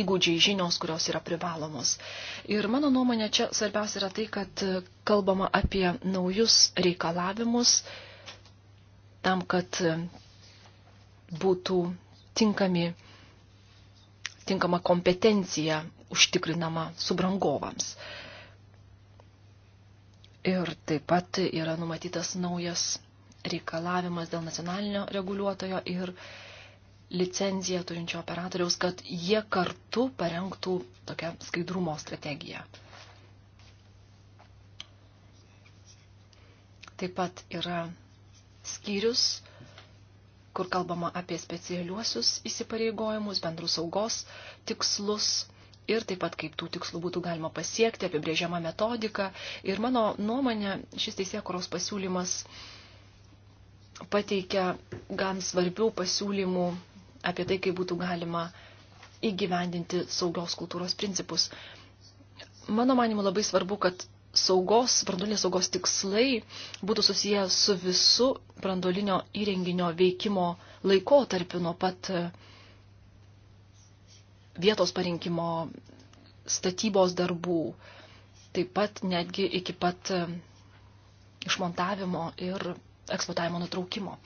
įgūdžiai, žinios, kurios yra privalomos. Ir mano nuomonė čia svarbiausia yra tai, kad kalbama apie naujus reikalavimus tam, kad e, būtų tinkami, tinkama kompetencija užtikrinama subrangovams. Ir taip pat yra numatytas naujas reikalavimas dėl nacionalinio reguliuotojo ir uh, licenciją turinčio operatoriaus, kad jie kartu parengtų tokią skaidrumo strategiją. Taip pat yra skyrius, kur kalbama apie specialiuosius įsipareigojimus, bendrų saugos tikslus ir taip pat kaip tų tikslų būtų galima pasiekti, apibrėžiama metodika. Ir mano nuomonė, šis teisėkoros pasiūlymas pateikia gan svarbių pasiūlymų apie tai, kaip būtų galima įgyvendinti saugios kultūros principus. Mano manimu labai svarbu, kad saugos, branduolinės saugos tikslai būtų susiję su visu branduolinio įrenginio veikimo laikotarpiu nuo pat e, vietos parinkimo statybos darbų, taip pat netgi iki pat e, išmontavimo ir eksploatavimo nutraukimo.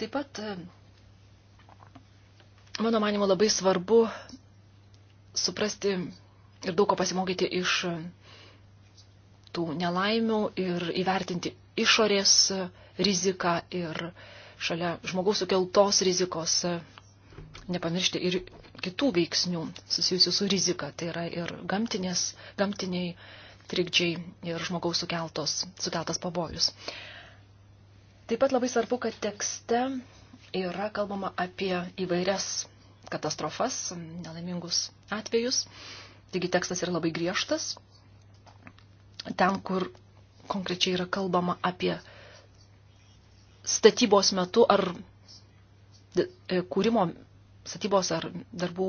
Taip pat e, mano manimo, labai svarbu suprasti ir daug ko pasimokyti iš tų nelaimių ir įvertinti išorės riziką ir šalia žmogaus sukeltos rizikos nepamiršti ir kitų veiksnių susijusių su rizika. Tai yra ir gamtinės, gamtiniai trikdžiai ir žmogaus sukeltos, sukeltas pavojus. Taip pat labai svarbu, kad tekste yra kalbama apie įvairias katastrofas, nelaimingus atvejus. Taigi tekstas yra labai griežtas. Ten, kur konkrečiai yra kalbama apie statybos metu ar e, kūrimo statybos ar darbų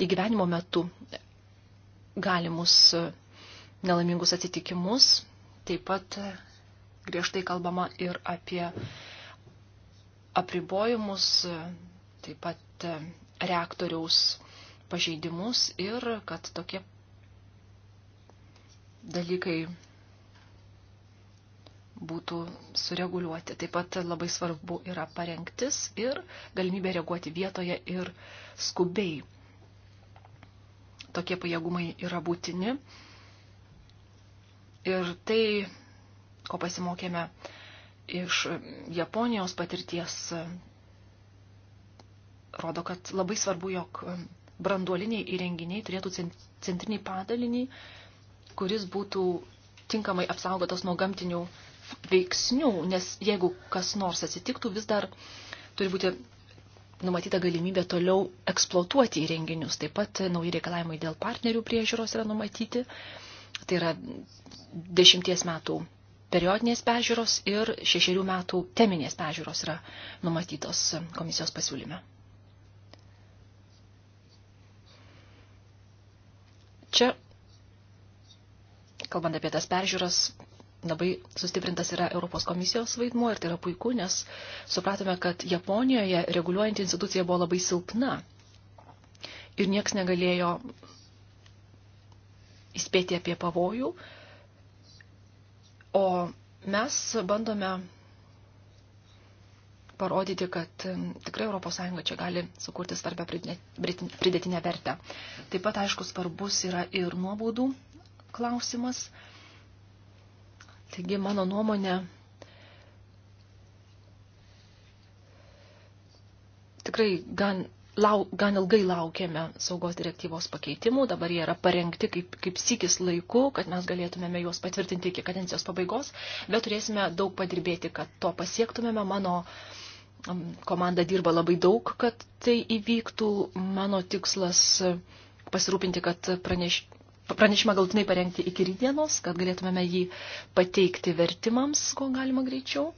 įgyvenimo metu galimus e, nelaimingus atsitikimus. Taip pat e, griežtai kalbama ir apie apribojimus, taip pat e, reaktoriaus pažeidimus ir kad tokie dalykai būtų sureguliuoti. Taip pat labai svarbu yra parengtis ir galimybė reaguoti vietoje ir skubiai. Tokie pajėgumai yra būtini. Ir tai, ko pasimokėme iš Japonijos patirties e, rodo, kad labai svarbu, jog e, branduoliniai įrenginiai turėtų centrinį padalinį, kuris būtų tinkamai apsaugotas nuo gamtinių veiksnių, nes jeigu kas nors atsitiktų, vis dar turi būti numatyta galimybė toliau eksploatuoti įrenginius. Taip pat nauji reikalavimai dėl partnerių priežiūros yra numatyti. Tai yra dešimties metų periodinės pežiūros ir šešerių metų teminės pežiūros yra numatytos komisijos pasiūlyme. Čia, kalbant apie tas peržiūras, labai sustiprintas yra Europos komisijos vaidmuo ir tai yra puiku, nes supratome, kad Japonijoje reguliuojanti institucija buvo labai silpna ir nieks negalėjo įspėti apie pavojų, O mes bandome parodyti, kad tikrai ES čia gali sukurti svarbę pridėtinę vertę. Taip pat, aišku, svarbus yra ir nuobaudų klausimas. Taigi, mano nuomonė, tikrai gan lau, gan ilgai laukėme saugos direktyvos pakeitimų, dabar jie yra parengti kaip, kaip sykis laiku, kad mes galėtumėme juos patvirtinti iki kadencijos pabaigos, bet turėsime daug padirbėti, kad to pasiektumėme. Mano komanda dirba labai daug, kad tai įvyktų. Mano tikslas pasirūpinti, kad praneš, pranešimą galtinai parengti iki rydienos, kad galėtumėme jį pateikti vertimams, ko galima greičiau.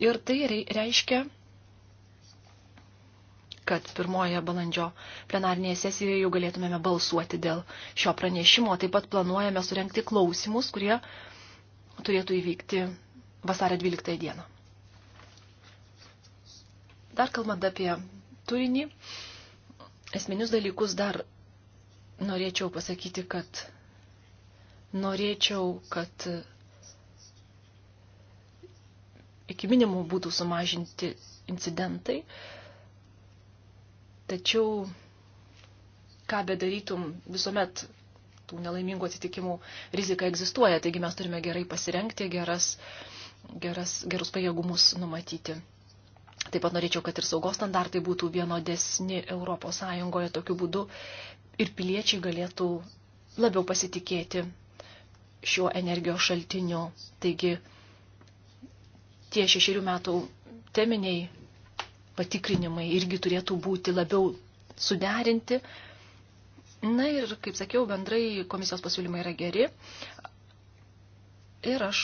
Ir tai reiškia kad pirmoje balandžio plenarnėje sesijoje jau galėtumėme balsuoti dėl šio pranešimo. Taip pat planuojame surenkti klausimus, kurie turėtų įvykti vasario 12 dieną. Dar kalbant apie turinį, esminius dalykus dar norėčiau pasakyti, kad norėčiau, kad iki minimų būtų sumažinti incidentai, Tačiau, ką bedarytum, visuomet tų nelaimingų atsitikimų rizika egzistuoja, taigi mes turime gerai pasirengti, geras, geras, gerus pajėgumus numatyti. Taip pat norėčiau, kad ir saugos standartai būtų vienodesni Europos Sąjungoje, tokiu būdu ir piliečiai galėtų labiau pasitikėti šiuo energijos šaltiniu. Taigi tie šešerių metų teminiai patikrinimai irgi turėtų būti labiau suderinti. Na ir, kaip sakiau, bendrai komisijos pasiūlymai yra geri. Ir aš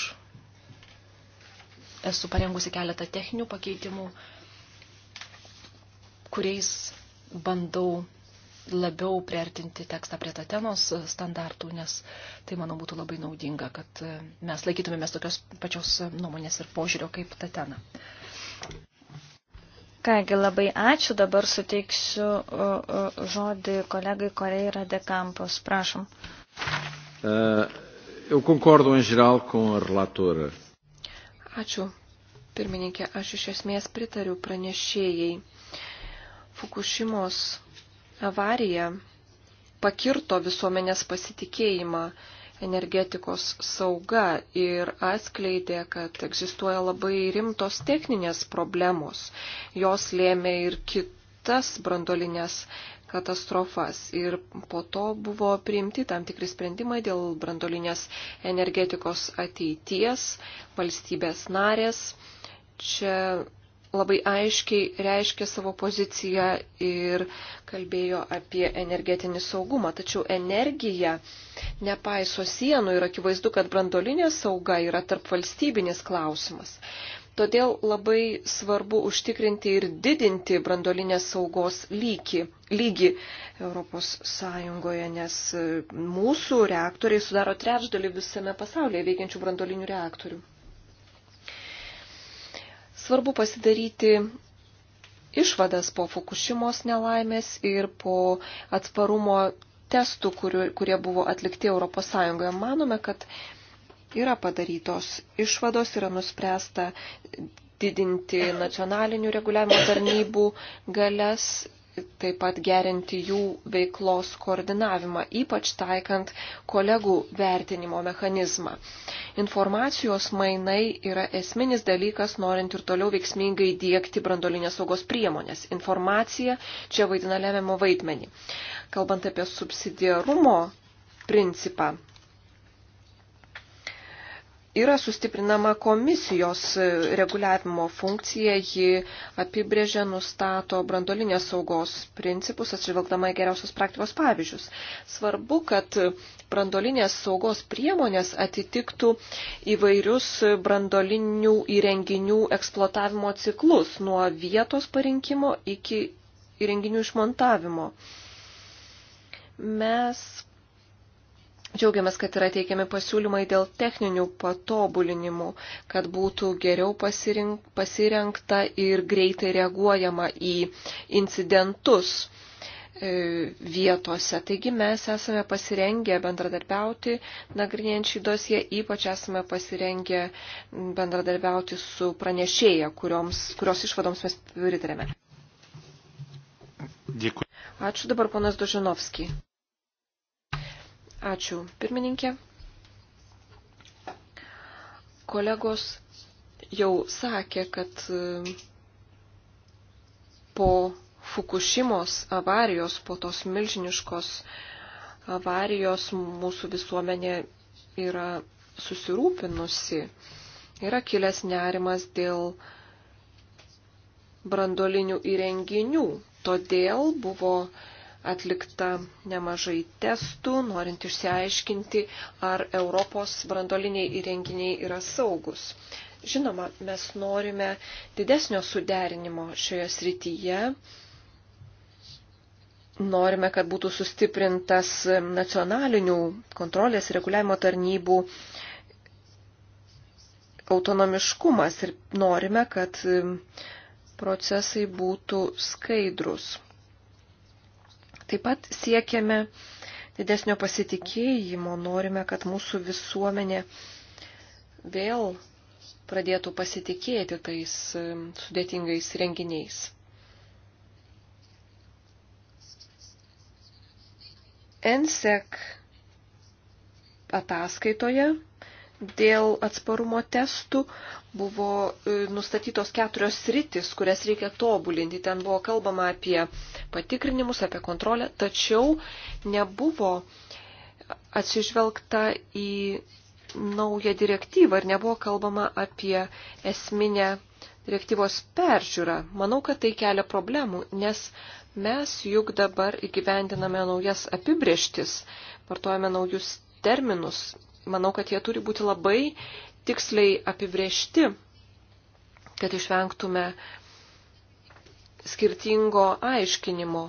esu parengusi keletą techninių pakeitimų, kuriais bandau labiau priartinti tekstą prie Tatenos standartų, nes tai, manau, būtų labai naudinga, kad mes laikytumėmės tokios pačios nuomonės ir požiūrio kaip Tatena. Kągi, labai ačiū, dabar suteiksiu žodį kolegai Koreira de Campos. Prašom. E, ačiū, pirmininkė, aš iš esmės pritariu pranešėjai. Fukushimos avarija pakirto visuomenės pasitikėjimą energetikos sauga ir atskleidė, kad egzistuoja labai rimtos techninės problemos. Jos lėmė ir kitas brandolinės katastrofas. Ir po to buvo priimti tam tikri sprendimai dėl brandolinės energetikos ateities valstybės narės. Čia labai aiškiai reiškė savo poziciją ir kalbėjo apie energetinį saugumą. Tačiau energija nepaiso sienų ir akivaizdu, kad brandolinė sauga yra tarp valstybinis klausimas. Todėl labai svarbu užtikrinti ir didinti brandolinės saugos lygį, lygį Europos Sąjungoje, nes mūsų reaktoriai sudaro trečdalį visame pasaulyje veikiančių brandolinių reaktorių. Svarbu pasidaryti išvadas po Fukushimos nelaimės ir po atsparumo testų, kuriu, kurie buvo atlikti ES. Manome, kad yra padarytos išvados, yra nuspręsta didinti nacionalinių reguliavimo tarnybų galias taip pat gerinti jų veiklos koordinavimą, ypač taikant kolegų vertinimo mechanizmą. Informacijos mainai yra esminis dalykas, norint ir toliau veiksmingai dėkti brandolinės saugos priemonės. Informacija čia vaidina lemiamą vaidmenį. Kalbant apie subsidiarumo principą, yra sustiprinama komisijos reguliavimo funkcija, ji apibrėžia, nustato brandolinės saugos principus, atsižvelgdama į geriausios praktikos pavyzdžius. Svarbu, kad brandolinės saugos priemonės atitiktų įvairius brandolinių įrenginių eksploatavimo ciklus nuo vietos parinkimo iki įrenginių išmontavimo. Mes Džiaugiamės, kad yra teikiami pasiūlymai dėl techninių patobulinimų, kad būtų geriau pasirink, pasirenkta ir greitai reaguojama į incidentus e, vietose. Taigi mes esame pasirengę bendradarbiauti, nagrinėjant šį dosiją, ypač esame pasirengę bendradarbiauti su pranešėja, kurioms, kurios išvadoms mes pritarėme. Dėkui. Ačiū dabar ponas Dužinovski. Ačiū, pirmininkė. Kolegos jau sakė, kad e, po Fukushimos avarijos, po tos milžiniškos avarijos mūsų visuomenė yra susirūpinusi. Yra kilęs nerimas dėl brandolinių įrenginių. Todėl buvo atlikta nemažai testų, norint išsiaiškinti, ar Europos brandoliniai įrenginiai yra saugus. Žinoma, mes norime didesnio suderinimo šioje srityje. Norime, kad būtų sustiprintas nacionalinių kontrolės ir reguliavimo tarnybų autonomiškumas ir norime, kad procesai būtų skaidrus. Taip pat siekiame didesnio pasitikėjimo, norime, kad mūsų visuomenė vėl pradėtų pasitikėti tais sudėtingais renginiais. ENSEC ataskaitoje dėl atsparumo testų buvo e, nustatytos keturios sritis, kurias reikia tobulinti. Ten buvo kalbama apie patikrinimus, apie kontrolę, tačiau nebuvo atsižvelgta į naują direktyvą ir nebuvo kalbama apie esminę direktyvos peržiūrą. Manau, kad tai kelia problemų, nes mes juk dabar įgyvendiname naujas apibrieštis, vartojame naujus terminus, manau, kad jie turi būti labai tiksliai apibriešti, kad išvengtume skirtingo aiškinimo.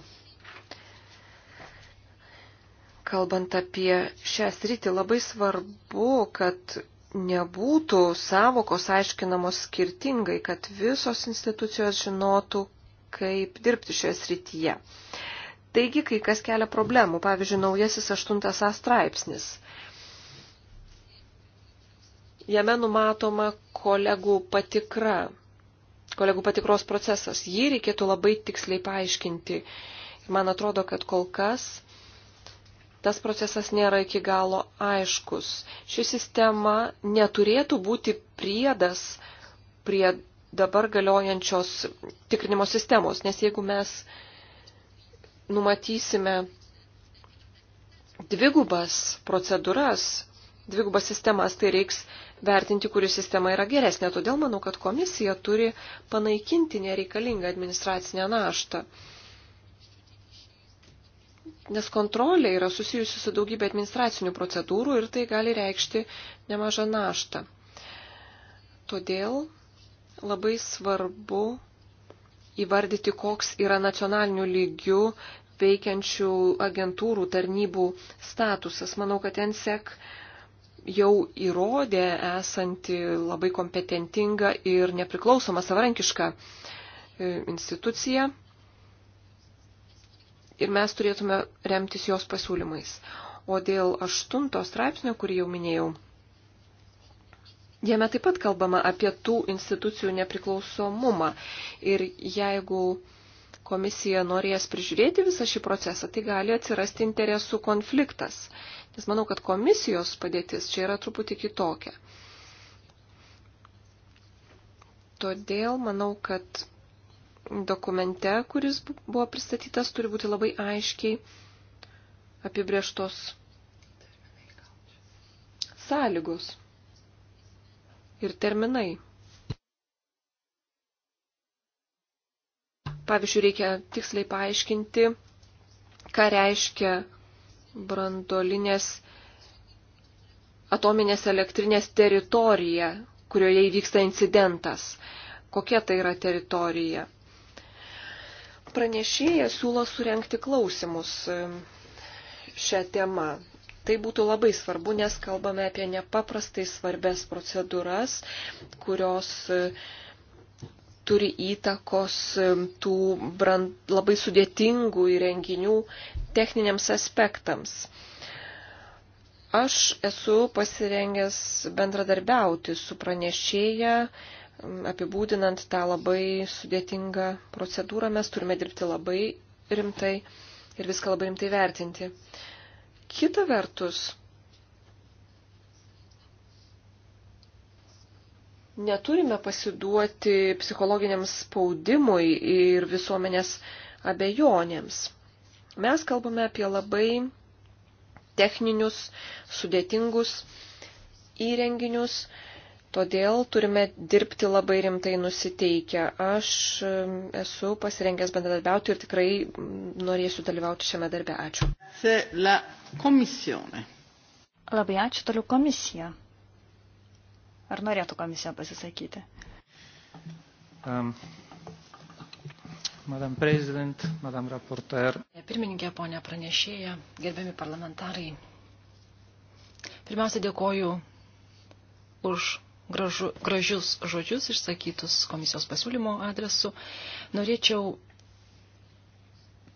Kalbant apie šią sritį, labai svarbu, kad nebūtų savokos aiškinamos skirtingai, kad visos institucijos žinotų, kaip dirbti šioje srityje. Taigi, kai kas kelia problemų, pavyzdžiui, naujasis aštuntas A straipsnis. Jame numatoma kolegų patikra, kolegų patikros procesas. Jį reikėtų labai tiksliai paaiškinti. Ir man atrodo, kad kol kas tas procesas nėra iki galo aiškus. Ši sistema neturėtų būti priedas prie dabar galiojančios tikrinimo sistemos, nes jeigu mes numatysime dvigubas procedūras, dvigubas sistemas, tai reiks vertinti, kuri sistema yra geresnė. Todėl manau, kad komisija turi panaikinti nereikalingą administracinę naštą. Nes kontrolė yra susijusi su daugybė administracinių procedūrų ir tai gali reikšti nemažą naštą. Todėl labai svarbu įvardyti, koks yra nacionalinių lygių veikiančių agentūrų tarnybų statusas. Manau, kad NSEC jau įrodė esanti labai kompetentinga ir nepriklausoma savarankiška e, institucija. Ir mes turėtume remtis jos pasiūlymais. O dėl aštunto straipsnio, kurį jau minėjau, jame taip pat kalbama apie tų institucijų nepriklausomumą. Ir jeigu komisija norės prižiūrėti visą šį procesą, tai gali atsirasti interesų konfliktas. Nes manau, kad komisijos padėtis čia yra truputį kitokia. Todėl manau, kad dokumente, kuris buvo pristatytas, turi būti labai aiškiai apibrieštos sąlygos ir terminai. Pavyzdžiui, reikia tiksliai paaiškinti, ką reiškia brandolinės atominės elektrinės teritorija, kurioje įvyksta incidentas. Kokia tai yra teritorija? Pranešėjas siūlo surenkti klausimus e, šią temą. Tai būtų labai svarbu, nes kalbame apie nepaprastai svarbės procedūras, kurios uh, turi įtakos tų brand, labai sudėtingų įrenginių techniniams aspektams. Aš esu pasirengęs bendradarbiauti su pranešėja, apibūdinant tą labai sudėtingą procedūrą. Mes turime dirbti labai rimtai ir viską labai rimtai vertinti. Kita vertus, neturime pasiduoti psichologiniam spaudimui ir visuomenės abejonėms. Mes kalbame apie labai techninius, sudėtingus įrenginius, todėl turime dirbti labai rimtai nusiteikę. Aš esu pasirengęs bendradarbiauti ir tikrai norėsiu dalyvauti šiame darbe. Ačiū. Labai ačiū toliau komisija. Ar norėtų komisija pasisakyti? Um, Madam President, Madam Raporteur. Pirmininkė, ponė pranešėja, gerbiami parlamentarai. Pirmiausia, dėkoju už gražu, gražius žodžius išsakytus komisijos pasiūlymo adresu. Norėčiau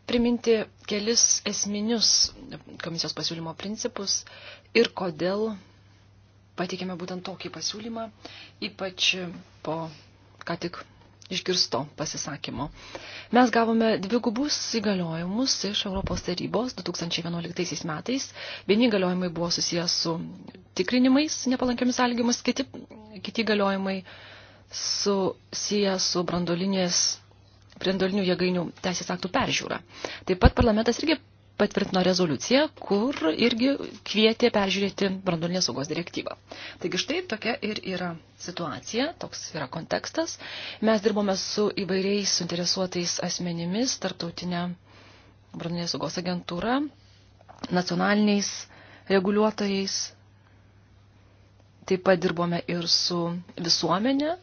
priminti kelis esminius komisijos pasiūlymo principus ir kodėl pateikėme būtent tokį pasiūlymą, ypač po ką tik išgirsto pasisakymo. Mes gavome dvigubus įgaliojimus iš Europos tarybos 2011 metais. Vieni įgaliojimai buvo susijęs su tikrinimais nepalankiamis sąlygimis, kiti, kiti įgaliojimai susijęs su brandolinės brandolinių jėgainių teisės aktų peržiūra. Taip pat parlamentas irgi patvirtino rezoliuciją, kur irgi kvietė peržiūrėti branduolinės saugos direktyvą. Taigi štai tokia ir yra situacija, toks yra kontekstas. Mes dirbome su įvairiais suinteresuotais asmenimis, tarptautinė branduolinės saugos agentūra, nacionaliniais reguliuotojais. Taip pat dirbome ir su visuomenė,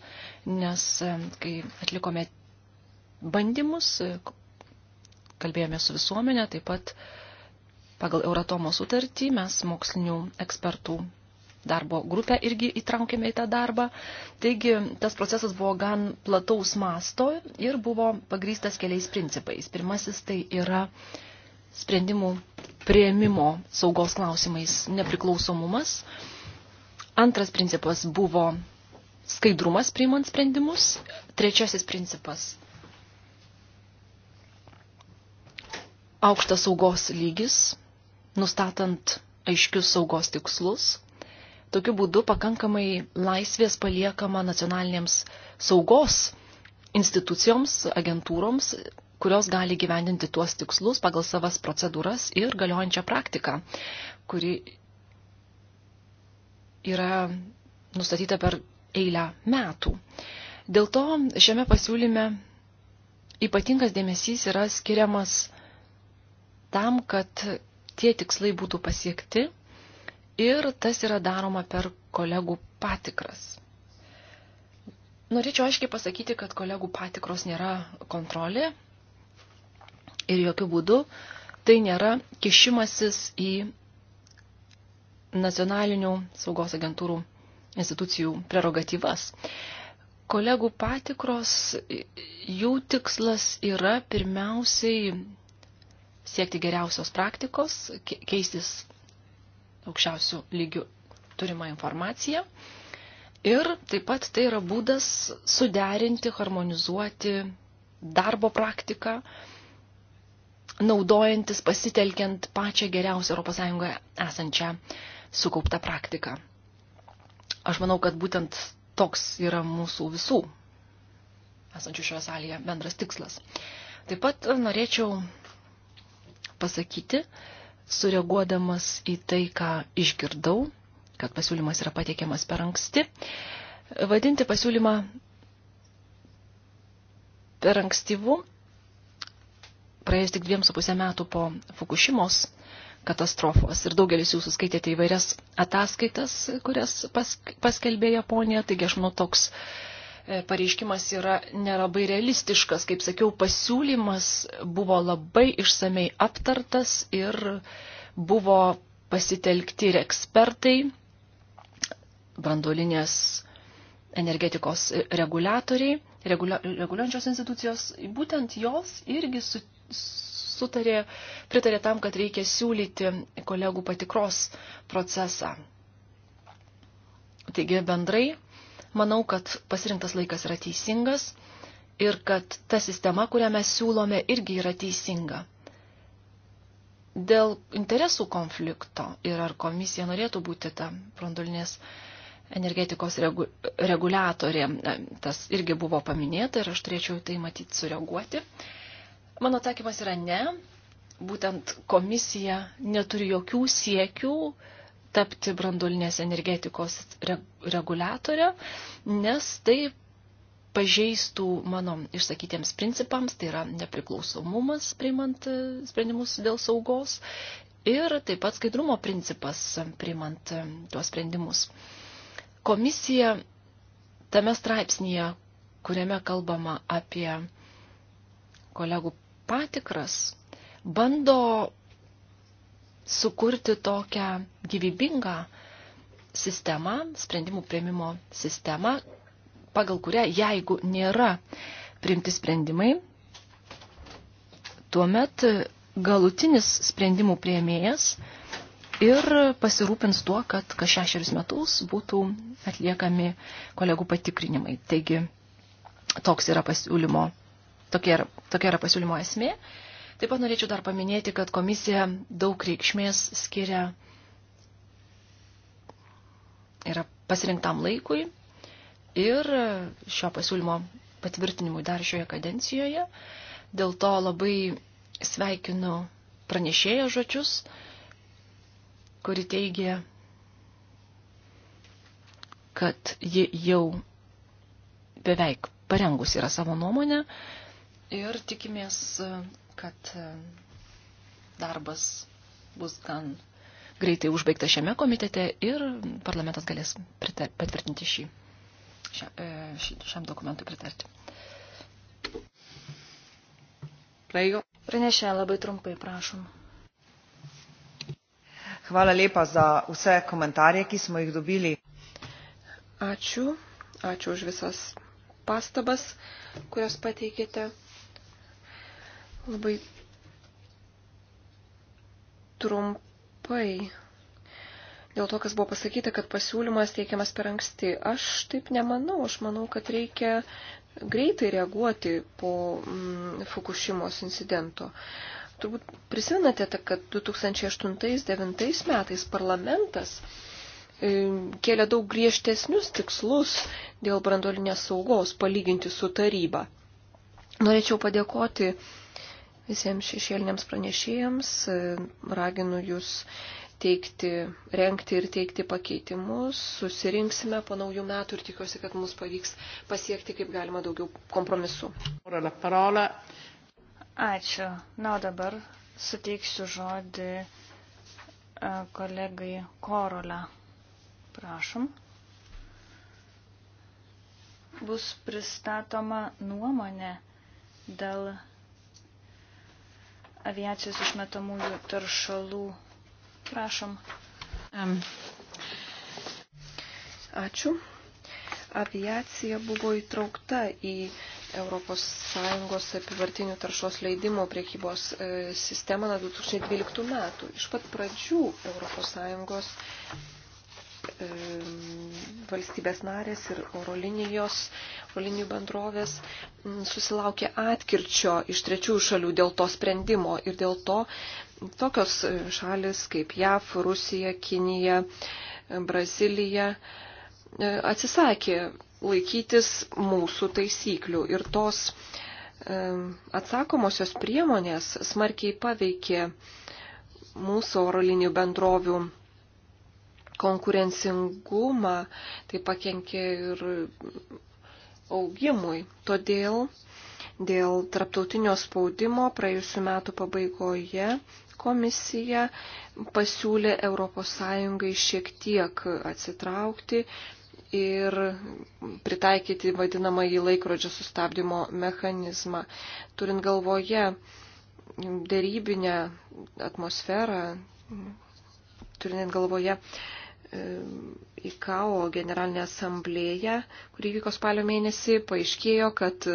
nes e, kai atlikome bandymus, kalbėjome su visuomenė, taip pat pagal Euratomo sutartį mes mokslinių ekspertų darbo grupę irgi įtraukėme į tą darbą. Taigi tas procesas buvo gan plataus masto ir buvo pagrystas keliais principais. Pirmasis tai yra sprendimų prieimimo saugos klausimais nepriklausomumas. Antras principas buvo skaidrumas priimant sprendimus. Trečiasis principas aukštas saugos lygis, nustatant aiškius saugos tikslus. Tokiu būdu pakankamai laisvės paliekama nacionalinėms saugos institucijoms, agentūroms, kurios gali gyvendinti tuos tikslus pagal savas procedūras ir galiojančią praktiką, kuri yra nustatyta per eilę metų. Dėl to šiame pasiūlyme ypatingas dėmesys yra skiriamas tam, kad tie tikslai būtų pasiekti ir tas yra daroma per kolegų patikras. Norėčiau aiškiai pasakyti, kad kolegų patikros nėra kontrolė ir jokių būdų tai nėra kišimasis į nacionalinių saugos agentūrų institucijų prerogatyvas. Kolegų patikros, jų tikslas yra pirmiausiai siekti geriausios praktikos, keistis aukščiausių lygių turimą informaciją. Ir taip pat tai yra būdas suderinti, harmonizuoti darbo praktiką, naudojantis, pasitelkiant pačią geriausią ES esančią sukauptą praktiką. Aš manau, kad būtent toks yra mūsų visų esančių šioje salėje bendras tikslas. Taip pat norėčiau pasakyti, sureaguodamas į tai, ką išgirdau, kad pasiūlymas yra pateikiamas per anksti. Vadinti pasiūlymą per ankstyvų, praėjus tik dviem su pusę metų po Fukushimos katastrofos. Ir daugelis jūsų skaitėte įvairias ataskaitas, kurias pas, paskelbė Japonija, taigi aš manau toks uh, E, pareiškimas yra nelabai realistiškas. Kaip sakiau, pasiūlymas buvo labai išsamei aptartas ir buvo pasitelkti ir ekspertai, brandolinės energetikos reguliatoriai, regulia, reguliuojančios institucijos, būtent jos irgi su, sutarė, pritarė tam, kad reikia siūlyti kolegų patikros procesą. Taigi bendrai Manau, kad pasirinktas laikas yra teisingas ir kad ta sistema, kurią mes siūlome, irgi yra teisinga. Dėl interesų konflikto ir ar komisija norėtų būti ta brandolinės energetikos regu, reguliatorė, tas irgi buvo paminėta ir aš turėčiau tai matyti sureaguoti. Mano atsakymas yra ne. Būtent komisija neturi jokių siekių uh, tapti brandolinės energetikos reguliatorė, nes tai pažeistų mano išsakytiems principams, tai yra nepriklausomumas priimant e, sprendimus dėl saugos ir taip pat skaidrumo principas priimant e, tuos sprendimus. Komisija tame straipsnėje, kuriame kalbama apie kolegų patikras, bando sukurti tokią gyvybingą sistemą, sprendimų prieimimo sistemą, pagal kurią jeigu nėra priimti sprendimai, tuomet galutinis sprendimų prieimėjas ir pasirūpins tuo, kad kas šešerius metus būtų atliekami kolegų patikrinimai. Taigi toks yra pasiūlymo, tokia yra, tokia yra pasiūlymo esmė. Taip pat norėčiau dar paminėti, kad komisija daug reikšmės skiria yra pasirinktam laikui ir šio pasiūlymo patvirtinimui dar šioje kadencijoje. Dėl to labai sveikinu pranešėjo žodžius, kuri teigia, kad ji jau beveik parengus yra savo nuomonę ir tikimės kad e, darbas bus gan greitai užbaigta šiame komitete ir parlamentas galės pritar, patvirtinti šį, šia, e, šį, šiam dokumentui pritarti. Praigo. Pranešė labai trumpai, prašom. Hvala lepa za vse komentarje, ki smo jih dobili. Ačiū. Ačiū už visas pastabas, kurias pateikėte. Labai trumpai. Dėl to, kas buvo pasakyta, kad pasiūlymas teikiamas per anksti. Aš taip nemanau. Aš manau, kad reikia greitai reaguoti po mm, Fukushimos incidento. Turbūt prisimenate, kad 2008-2009 metais parlamentas e, kėlė daug griežtesnius tikslus dėl brandolinės saugos palyginti su taryba. Norėčiau padėkoti visiems šešėliniams pranešėjams. Raginu jūs teikti, renkti ir teikti pakeitimus. Susirinksime po naujų metų ir tikiuosi, kad mums pavyks pasiekti kaip galima daugiau kompromisų. Ačiū. Na, o dabar suteiksiu žodį e, kolegai Korolę. Prašom. Bus pristatoma nuomonė dėl aviacijos išmetamųjų taršalų. Prašom. Ačiū. Aviacija buvo įtraukta į ES apivartinių taršos leidimo priekybos e, sistemą nuo 2012 metų. Iš pat pradžių ES valstybės narės ir oro linijos, oro linijų bendrovės susilaukė atkirčio iš trečiųjų šalių dėl to sprendimo ir dėl to tokios šalis kaip JAF, Rusija, Kinija, Brazilija e, atsisakė laikytis mūsų taisyklių ir tos atsakomosios priemonės smarkiai paveikė mūsų oro linijų bendrovių konkurencingumą, tai pakenkia ir augimui. Todėl dėl tarptautinio spaudimo praėjusiu metu pabaigoje komisija pasiūlė ES šiek tiek atsitraukti ir pritaikyti vadinamąjį laikrodžio sustabdymo mechanizmą. Turint galvoje dėrybinę atmosferą, turint galvoje IKAO generalinė asamblėja, kuri vyko spalio mėnesį, paaiškėjo, kad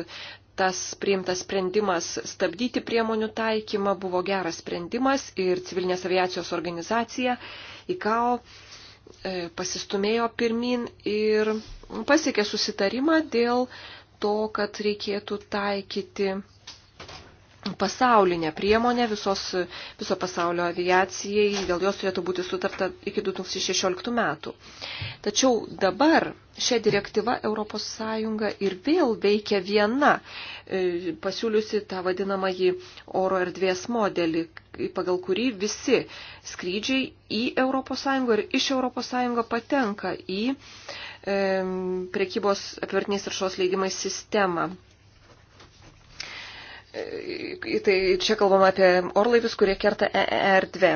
tas priimtas sprendimas stabdyti priemonių taikymą buvo geras sprendimas ir civilinės aviacijos organizacija IKAO e, pasistumėjo pirmin ir pasiekė susitarimą dėl to, kad reikėtų taikyti pasaulinė priemonė visos, viso pasaulio aviacijai, dėl jos turėtų būti sutarta iki 2016 metų. Tačiau dabar šią direktyvą ES ir vėl veikia viena, e, pasiūliusi tą vadinamąjį oro erdvės modelį, pagal kurį visi skrydžiai į ES ir iš ES patenka į e, prekybos apivartiniais taršos leidimais sistemą Tai čia kalbama apie orlaivius, kurie kerta EER2.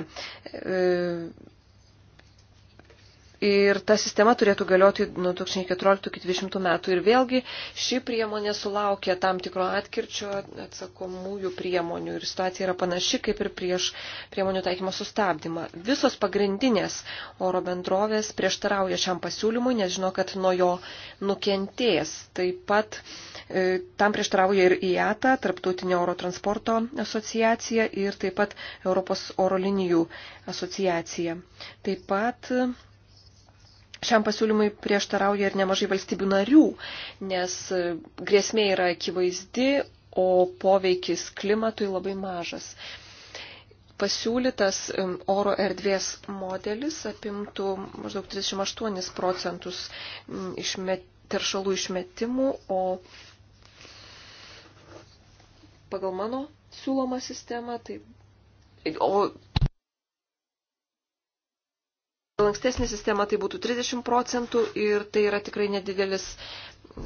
Ir ta sistema turėtų galioti nuo 2014-2020 metų. Ir vėlgi ši priemonė sulaukia tam tikro atkirčio atsakomųjų priemonių. Ir situacija yra panaši kaip ir prieš priemonių taikymo sustabdymą. Visos pagrindinės oro bendrovės prieštarauja šiam pasiūlymui, nes žino, kad nuo jo nukentės. Taip pat e, tam prieštarauja ir IATA, Tarptautinė oro transporto asociacija ir taip pat Europos oro linijų asociacija. Taip pat Šiam pasiūlymui prieštarauja ir nemažai valstybių narių, nes grėsmė yra akivaizdi, o poveikis klimatui labai mažas. Pasiūlytas um, oro erdvės modelis apimtų maždaug 38 procentus um, išmet, teršalų išmetimų, o pagal mano siūlomą sistemą, tai, o lankstesnė sistema tai būtų 30 procentų ir tai yra tikrai nedidelis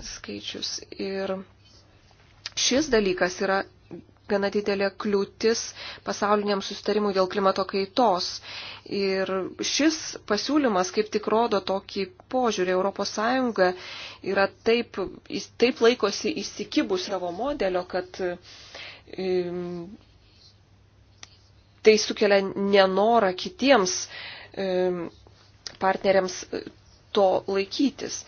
skaičius. Ir šis dalykas yra gana didelė kliūtis pasauliniam sustarimui dėl klimato kaitos. Ir šis pasiūlymas kaip tik rodo tokį požiūrį. Europos Sąjunga yra taip, taip laikosi įsikibus savo modelio, kad um, tai sukelia nenorą kitiems um, partneriams e, to laikytis.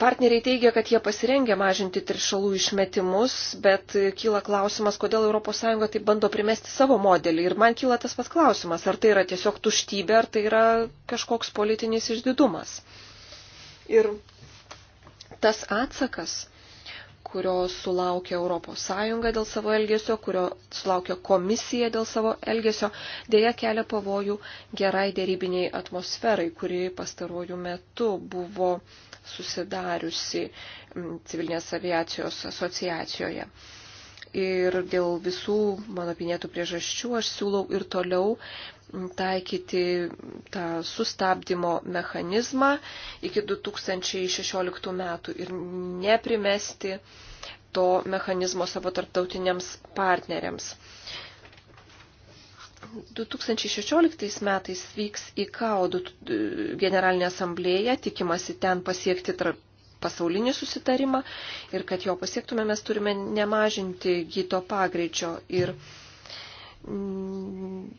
Partneriai teigia, kad jie pasirengia mažinti trišalų išmetimus, bet e, kyla klausimas, kodėl ES taip bando primesti savo modelį. Ir man kyla tas pats klausimas, ar tai yra tiesiog tuštybė, ar tai yra kažkoks politinis išdidumas. Ir tas atsakas kurio sulaukia ES dėl savo elgesio, kurio sulaukia komisija dėl savo elgesio, dėja kelia pavojų gerai dėrybiniai atmosferai, kuri pastarojų metų buvo susidariusi mm, civilinės aviacijos asociacijoje. Ir dėl visų mano pinėtų priežasčių aš siūlau ir toliau taikyti tą sustabdymo mechanizmą iki 2016 metų ir neprimesti to mechanizmo savo tarptautiniams partneriams. 2016 metais vyks į KAO e, generalinę asamblėją, tikimasi ten pasiekti pasaulinį susitarimą ir kad jo pasiektume mes turime nemažinti gyto pagreičio ir Mm,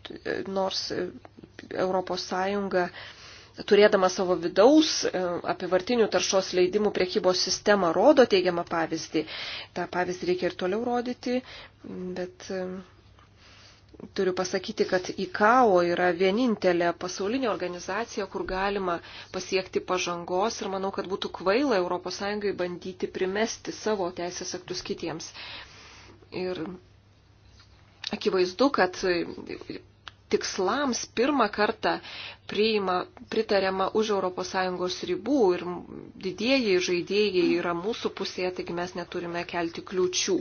nors Europos Sąjunga turėdama savo vidaus e, apivartinių taršos leidimų priekybos sistemą rodo teigiamą pavyzdį. Ta pavyzdį reikia ir toliau rodyti, bet e, turiu pasakyti, kad ICAO yra vienintelė pasaulinė organizacija, kur galima pasiekti pažangos ir manau, kad būtų kvaila ES bandyti primesti savo teisės aktus kitiems. Ir akivaizdu, kad tikslams pirmą kartą priima, pritariama už ES ribų ir didieji žaidėjai yra mūsų pusėje, taigi mes neturime kelti kliučių.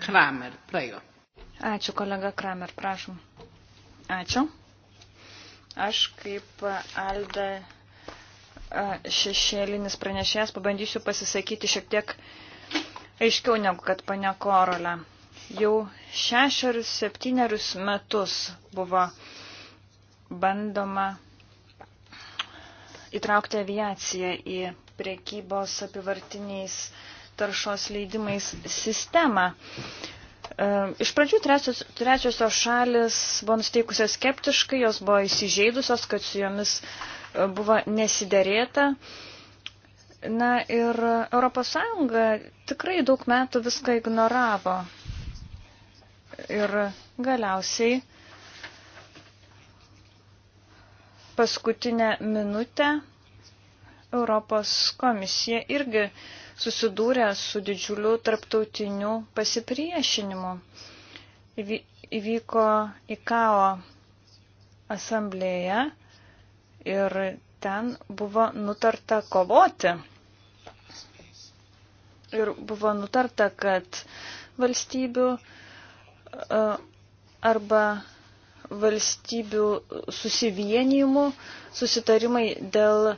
Kramer, praigo. Ačiū, kolega Kramer, prašom. Ačiū. Aš kaip Alda šešėlinis pranešėjas pabandysiu pasisakyti šiek tiek aiškiau negu kad pane Korolė. Jau šešerius, septynerius metus buvo bandoma įtraukti aviaciją į priekybos apivartiniais taršos leidimais sistemą. E, iš pradžių trečios, trečiosios šalis buvo nusteikusios skeptiškai, jos buvo įsižeidusios, kad su jomis e, buvo nesiderėta. Na ir ES tikrai daug metų viską ignoravo. Ir galiausiai paskutinę minutę Europos komisija irgi susidūrė su didžiuliu tarptautiniu pasipriešinimu. Įvyko IKAO asamblėje ir ten buvo nutarta kovoti. Ir buvo nutarta, kad valstybių E, arba valstybių susivienijimų, susitarimai dėl e,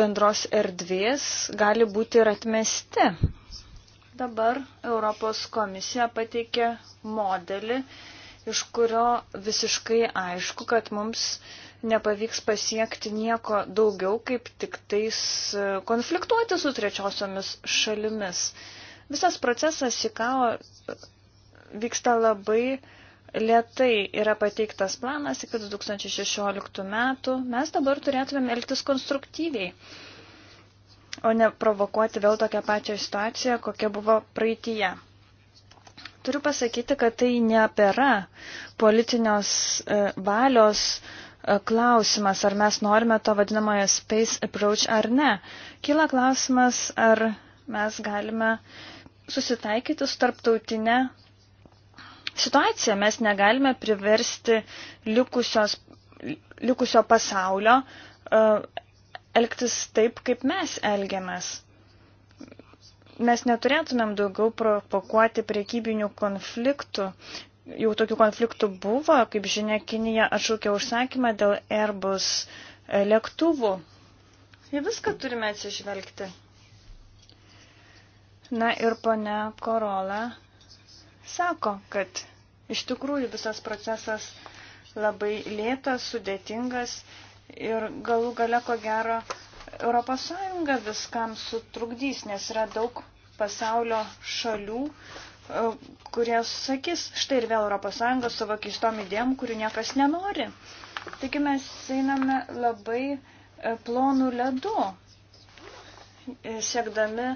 bendros erdvės gali būti ir atmesti. Dabar Europos komisija pateikė modelį, iš kurio visiškai aišku, kad mums nepavyks pasiekti nieko daugiau, kaip tik tais e, konfliktuoti su trečiosiomis šalimis. Visas procesas įkavo vyksta labai lietai. Yra pateiktas planas iki 2016 metų. Mes dabar turėtumėm elgtis konstruktyviai, o ne provokuoti vėl tokią pačią situaciją, kokia buvo praeitie. Turiu pasakyti, kad tai nebėra politinios e, valios e, klausimas, ar mes norime to vadinamojo space approach ar ne. Kyla klausimas, ar mes galime susitaikyti su tarptautinė situaciją. Mes negalime priversti likusios, likusio pasaulio e, elgtis taip, kaip mes elgiamės. Mes neturėtumėm daugiau provokuoti priekybinių konfliktų. Jau tokių konfliktų buvo, kaip žinia, Kinija atšaukė užsakymą dėl Airbus lėktuvų. Į viską turime atsižvelgti. Na ir ponia Korola sako, kad iš tikrųjų visas procesas labai lėtas, sudėtingas ir galų gale ko gero ES viskam sutrukdys, nes yra daug pasaulio šalių, e, kurie sakys, štai ir vėl ES savo keistom idėjom, kurių niekas nenori. Taigi mes einame labai e, plonų ledu, e, siekdami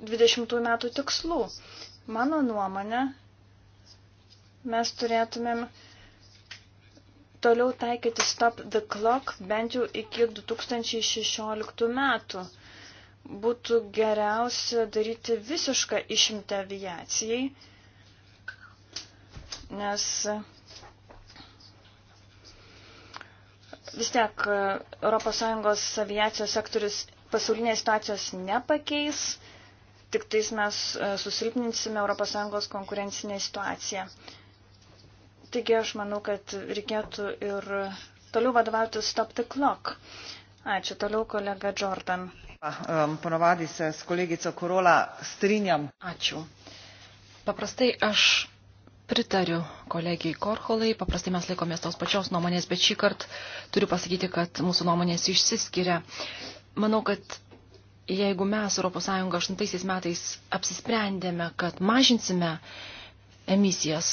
20 metų tikslų. Mano nuomonė, mes turėtumėm toliau taikyti stop the clock bent jau iki 2016 metų. Būtų geriausia daryti visišką išimtę aviacijai, nes vis tiek ES aviacijos sektorius pasaulinės situacijos nepakeis tik tais mes e, susilpninsime ES konkurencinę situaciją. Taigi aš manau, kad reikėtų ir toliau vadovauti Stop the Clock. Ačiū toliau kolega Jordan. Ponovadi se s kolegico Korola strinjam. Ačiū. Paprastai aš pritariu kolegijai Korholai, paprastai mes laikomės tos pačios nuomonės, bet šį kartą turiu pasakyti, kad mūsų nuomonės išsiskiria. Manau, kad jeigu mes ES 8 metais apsisprendėme, kad mažinsime emisijas,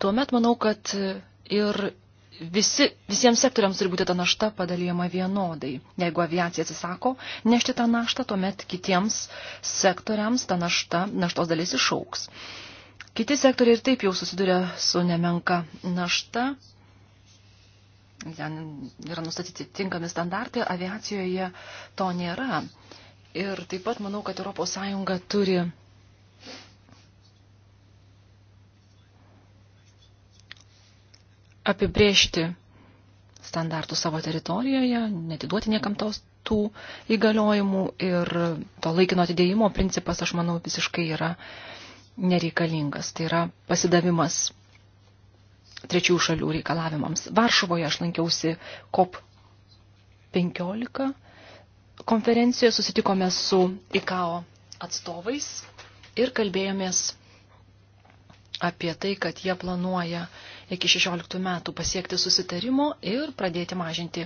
tuomet manau, kad ir visi, visiems sektoriams turi būti ta našta padalyjama vienodai. Jeigu aviacija atsisako nešti tą naštą, tuomet kitiems sektoriams ta našta, naštos dalis išauks. Kiti sektoriai ir taip jau susiduria su nemenka našta. Ten yra nustatyti tinkami standartai, aviacijoje to nėra. Uh, Ir taip pat manau, kad ES turi apibriežti standartų savo teritorijoje, netiduoti niekam tos tų įgaliojimų ir to laikino atidėjimo principas, aš manau, visiškai yra nereikalingas. Tai yra pasidavimas trečių šalių reikalavimams. Varšuvoje aš lankiausi COP 15 konferencijoje susitikome su ICAO atstovais ir kalbėjomės apie tai, kad jie planuoja iki 16 metų pasiekti susitarimo ir pradėti mažinti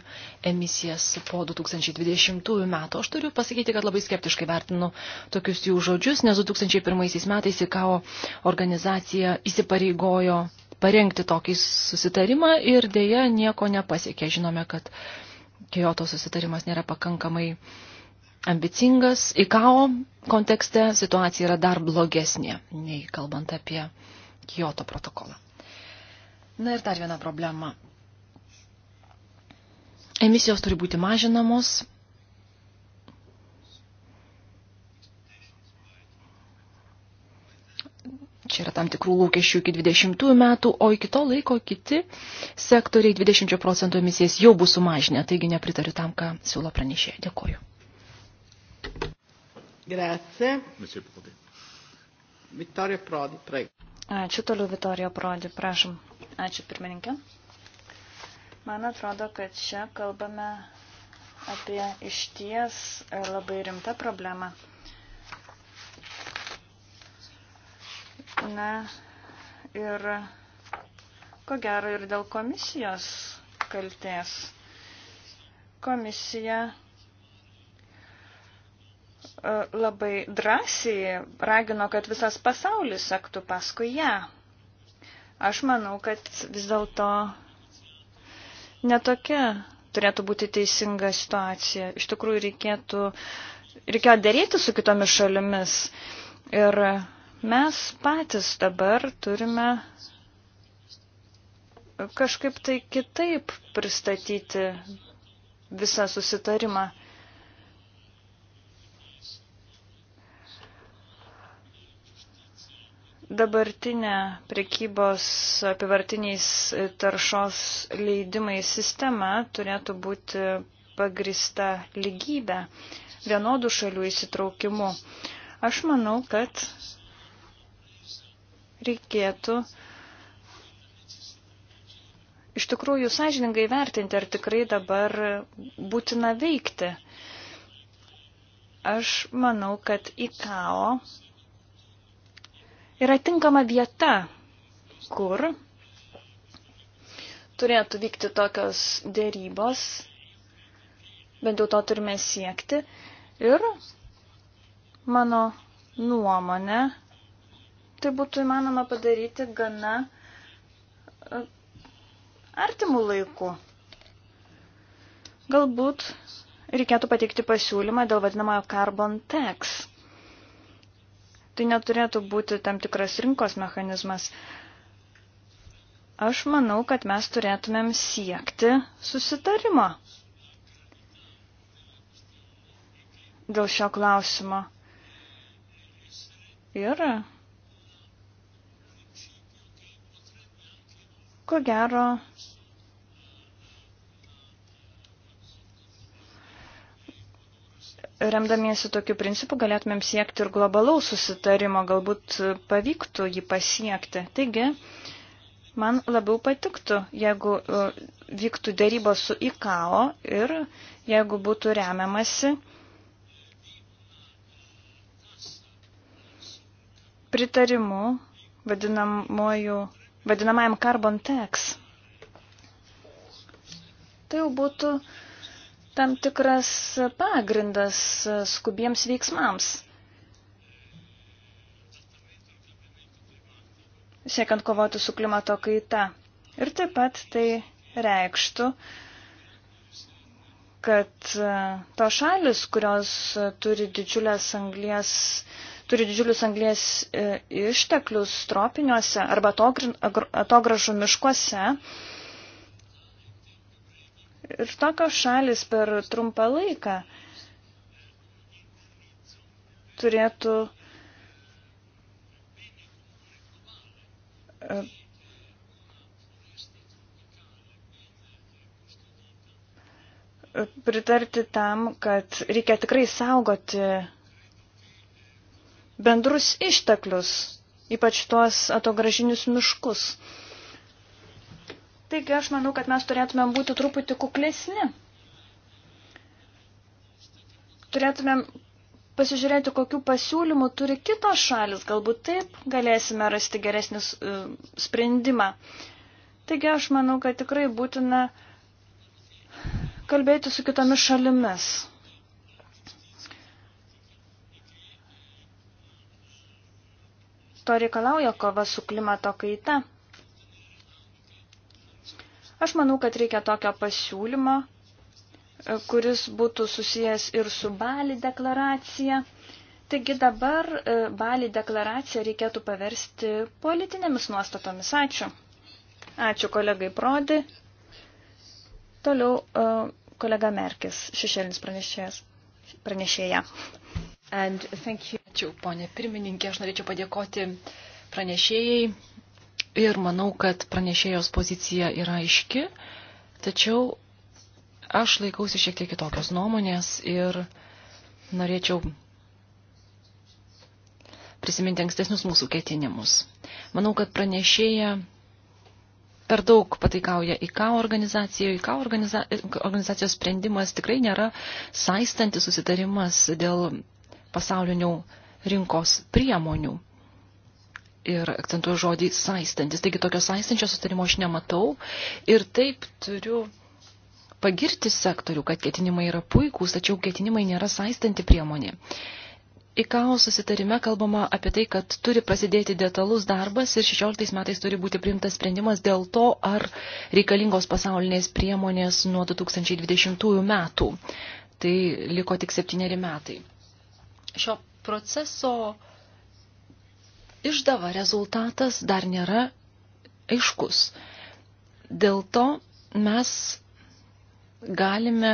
emisijas po 2020 metų. Aš turiu pasakyti, kad labai skeptiškai vertinu tokius jų žodžius, nes 2001 metais ICAO organizacija įsipareigojo parengti tokį susitarimą ir dėja nieko nepasiekė. Žinome, kad Kyoto susitarimas nėra pakankamai ambicingas. IKAO kontekste situacija yra dar blogesnė, nei kalbant apie Kyoto protokolą. Na ir dar viena problema. Emisijos turi būti mažinamos, Čia yra tam tikrų lūkesčių iki 20 metų, o iki to laiko kiti sektoriai 20 procentų emisijas jau bus sumažinę, taigi nepritariu tam, ką siūlo pranešė. Dėkoju. Grazie. Vittorio Prodi, prego. Ačiū toliau Vitorijo Prodi, prašom. Ačiū pirmininkė. Man atrodo, kad čia kalbame apie išties e, labai rimtą problemą. Na ir ko gero ir dėl komisijos kaltės. Komisija e, labai drąsiai ragino, kad visas pasaulis sektų paskui ją. Aš manau, kad vis dėlto netokia turėtų būti teisinga situacija. Iš tikrųjų, reikėtų, reikėjo dėrėti su kitomis šalimis. Ir Mes patys dabar turime kažkaip tai kitaip pristatyti visą susitarimą. Dabartinė prekybos apivartiniais taršos leidimai sistema turėtų būti pagrista lygybė, vienodų šalių įsitraukimu. Aš manau, kad reikėtų iš tikrųjų sąžiningai vertinti, ar tikrai dabar būtina veikti. Aš manau, kad IKAO yra tinkama vieta, kur turėtų vykti tokios dėrybos, bent jau to turime siekti. Ir mano nuomonė, tai būtų įmanoma padaryti gana e, artimų laikų. Galbūt reikėtų pateikti pasiūlymą dėl vadinamojo carbon tax. Tai neturėtų būti tam tikras rinkos mechanizmas. Aš manau, kad mes turėtumėm siekti susitarimo dėl šio klausimo. Ir Ko gero, remdamiesi tokiu principu galėtumėm siekti ir globalaus susitarimo, galbūt pavyktų jį pasiekti. Taigi, man labiau patiktų, jeigu e, vyktų dėrybos su IKAO ir jeigu būtų remiamasi pritarimu vadinamuoju vadinamajam carbon tax. Tai jau būtų tam tikras pagrindas skubiems veiksmams. siekiant kovoti su klimato kaita. Ir taip pat tai reikštų, kad tos šalis, kurios turi didžiulės anglies uh, turi didžiulius anglės e, išteklius tropiniuose arba atogražų miškuose. Ir tokios šalis per trumpą laiką turėtų e, pritarti tam, kad reikia tikrai saugoti bendrus išteklius, ypač tuos atogražinius miškus. Taigi aš manau, kad mes turėtumėm būti truputį kuklesni. Turėtumėm pasižiūrėti, kokiu pasiūlymu turi kitos šalis, galbūt taip galėsime rasti geresnį e, sprendimą. Taigi aš manau, kad tikrai būtina kalbėti su kitomis šalimis. To reikalauja kova su klimato kaita. Aš manau, kad reikia tokio pasiūlymo, e, kuris būtų susijęs ir su Bali deklaracija. Taigi dabar e, Bali deklaraciją reikėtų paversti politinėmis nuostatomis. Ačiū. Ačiū kolegai Prodi. Toliau e, kolega Merkis, šešėlinis pranešėjas. Pranešėja. And thank you. Ačiū, ponė pirmininkė, aš norėčiau padėkoti pranešėjai ir manau, kad pranešėjos pozicija yra aiški, tačiau aš laikausi šiek tiek kitokios nuomonės ir norėčiau prisiminti ankstesnius mūsų ketinimus. Manau, kad pranešėja per daug pataikauja į ką organizaciją, į ką organiza, organizacijos sprendimas tikrai nėra saistantis susitarimas dėl pasaulinių rinkos priemonių. Ir akcentuoju žodį saistantis. Taigi tokio saistančio sustarimo aš nematau. Ir taip turiu pagirti sektorių, kad ketinimai yra puikūs, tačiau ketinimai nėra saistanti priemonė. IKAO susitarime kalbama apie tai, kad turi prasidėti detalus darbas ir 16 metais turi būti priimtas sprendimas dėl to, ar reikalingos pasaulinės priemonės nuo 2020 metų. Tai liko tik septyneri metai. Šio proceso išdava rezultatas dar nėra aiškus. Dėl to mes galime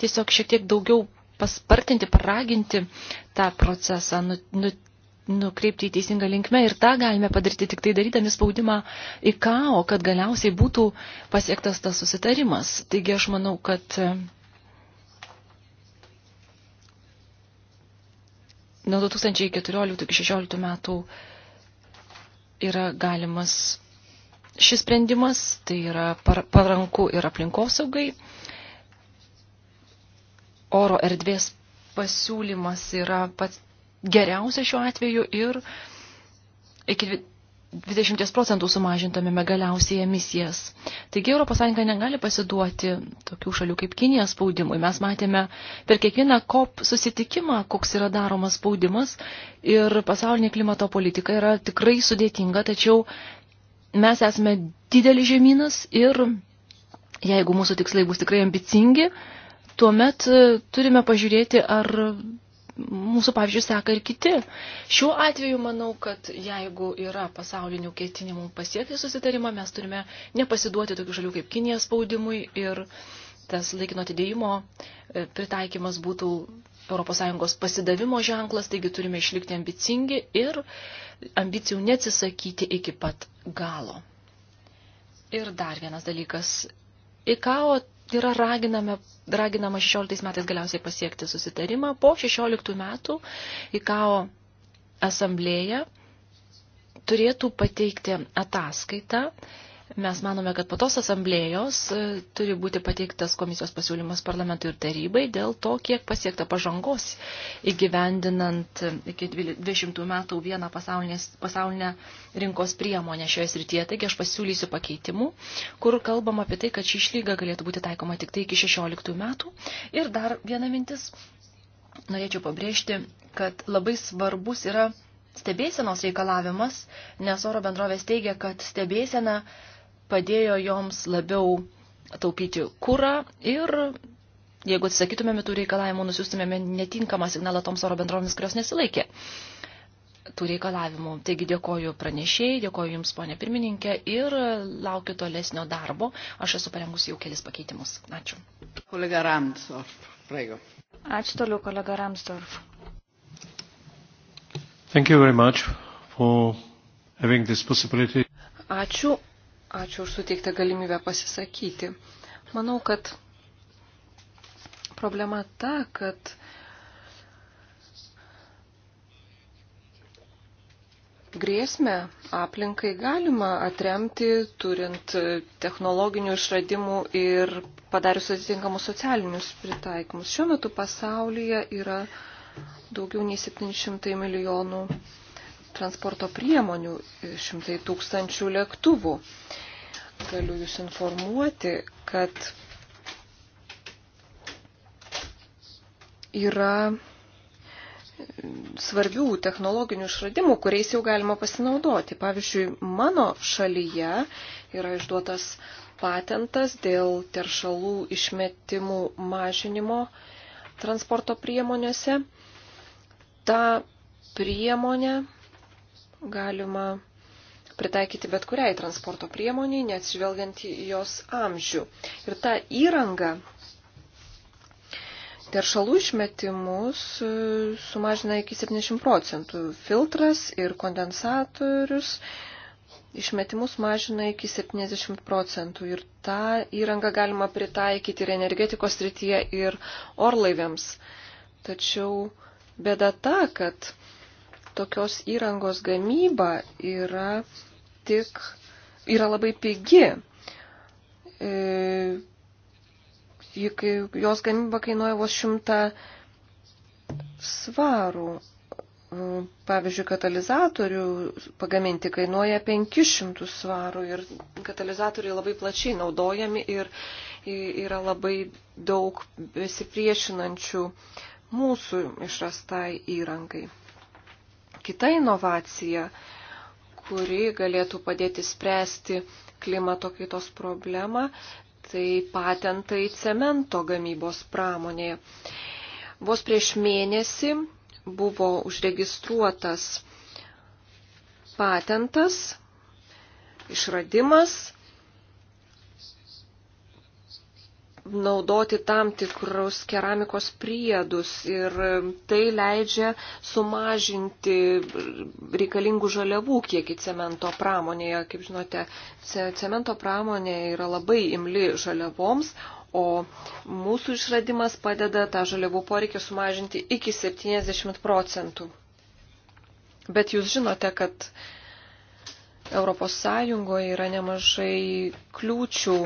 tiesiog šiek tiek daugiau paspartinti, paraginti tą procesą, nu, nu, nukreipti į teisingą linkmę ir tą galime padaryti tik tai darydami spaudimą į KAO, kad galiausiai būtų pasiektas tas susitarimas. Taigi aš manau, kad Nuo 2014-2016 metų yra galimas šis sprendimas, tai yra paranku ir aplinkosaugai. Oro erdvės pasiūlymas yra pats geriausias šiuo atveju ir iki 20 procentų sumažintumėme galiausiai emisijas. Taigi ES negali pasiduoti tokių šalių kaip Kinija spaudimui. Mes matėme per kiekvieną COP susitikimą, koks yra daromas spaudimas ir pasaulinė klimato politika yra tikrai sudėtinga, tačiau mes esame didelis žemynas ir jeigu mūsų tikslai bus tikrai ambicingi, tuomet turime pažiūrėti, ar mūsų pavyzdžių seka ir kiti. Šiuo atveju manau, kad jeigu yra pasaulinių ketinimų pasiekti susitarimą, mes turime nepasiduoti tokių šalių kaip Kinija spaudimui ir tas laikino atidėjimo e, pritaikymas būtų ES pasidavimo ženklas, taigi turime išlikti ambicingi ir ambicijų neatsisakyti iki pat galo. Ir dar vienas dalykas. ICAO yra raginame, raginama 16 metais galiausiai pasiekti susitarimą. Po 16 metų IKAO asamblėja turėtų pateikti ataskaitą Mes manome, kad po tos asamblėjos e, turi būti pateiktas komisijos pasiūlymas parlamentui ir tarybai dėl to, kiek pasiekta pažangos įgyvendinant iki 20 metų vieną pasaulinę rinkos priemonę šioje srityje. Taigi aš pasiūlysiu pakeitimų, kur kalbam apie tai, kad ši išlyga galėtų būti taikoma tik tai iki 16 metų. Ir dar viena mintis, norėčiau pabrėžti, kad labai svarbus yra stebėsenos reikalavimas, nes oro bendrovės teigia, kad stebėsena padėjo joms labiau taupyti kurą ir jeigu atsisakytumėme tų reikalavimų, nusiustumėme netinkamą signalą toms oro bendrovėms, kurios nesilaikė tų reikalavimų. Taigi dėkoju pranešėjai, dėkoju Jums, ponė pirmininkė, ir laukiu tolesnio darbo. Aš esu parengusi jau kelis pakeitimus. Ačiū. Kolega Ramsdorf, prego. Ačiū toliau, kolega Ramsdorf. Thank you very much for having this possibility. Ačiū Ačiū už suteiktą galimybę pasisakyti. Manau, kad problema ta, kad grėsmę aplinkai galima atremti, turint technologinių išradimų ir padarius atitinkamus socialinius pritaikymus. Šiuo metu pasaulyje yra daugiau nei 700 milijonų transporto priemonių, e, šimtai tūkstančių lėktuvų. Galiu Jūs informuoti, kad yra svarbių technologinių išradimų, kuriais jau galima pasinaudoti. Pavyzdžiui, mano šalyje yra išduotas patentas dėl teršalų išmetimų mažinimo transporto priemonėse. Ta priemonė galima pritaikyti bet kuriai transporto priemoniai, neatsižvelgiant į jos amžių. Ir ta įranga teršalų išmetimus e, sumažina iki 70 procentų. Filtras ir kondensatorius išmetimus mažina iki 70 procentų. Ir tą įrangą galima pritaikyti ir energetikos srityje, ir orlaiviams. Tačiau bėda ta, kad tokios įrangos gamyba yra tik, yra labai pigi. E, jos gamyba kainuoja vos šimtą svarų. E, pavyzdžiui, katalizatorių pagaminti kainuoja 500 svarų ir katalizatoriai labai plačiai naudojami ir yra labai daug besipriešinančių mūsų išrastai įrangai kita inovacija, kuri galėtų padėti spręsti klimato kaitos problemą, tai patentai cemento gamybos pramonėje. Vos prieš mėnesį buvo užregistruotas patentas, išradimas, naudoti tam tikrus keramikos priedus ir tai leidžia sumažinti reikalingų žaliavų kiekį cemento pramonėje. Kaip žinote, cemento pramonė yra labai imli žaliavoms, o mūsų išradimas padeda tą žaliavų poreikį sumažinti iki 70 procentų. Bet jūs žinote, kad Europos Sąjungoje yra nemažai kliūčių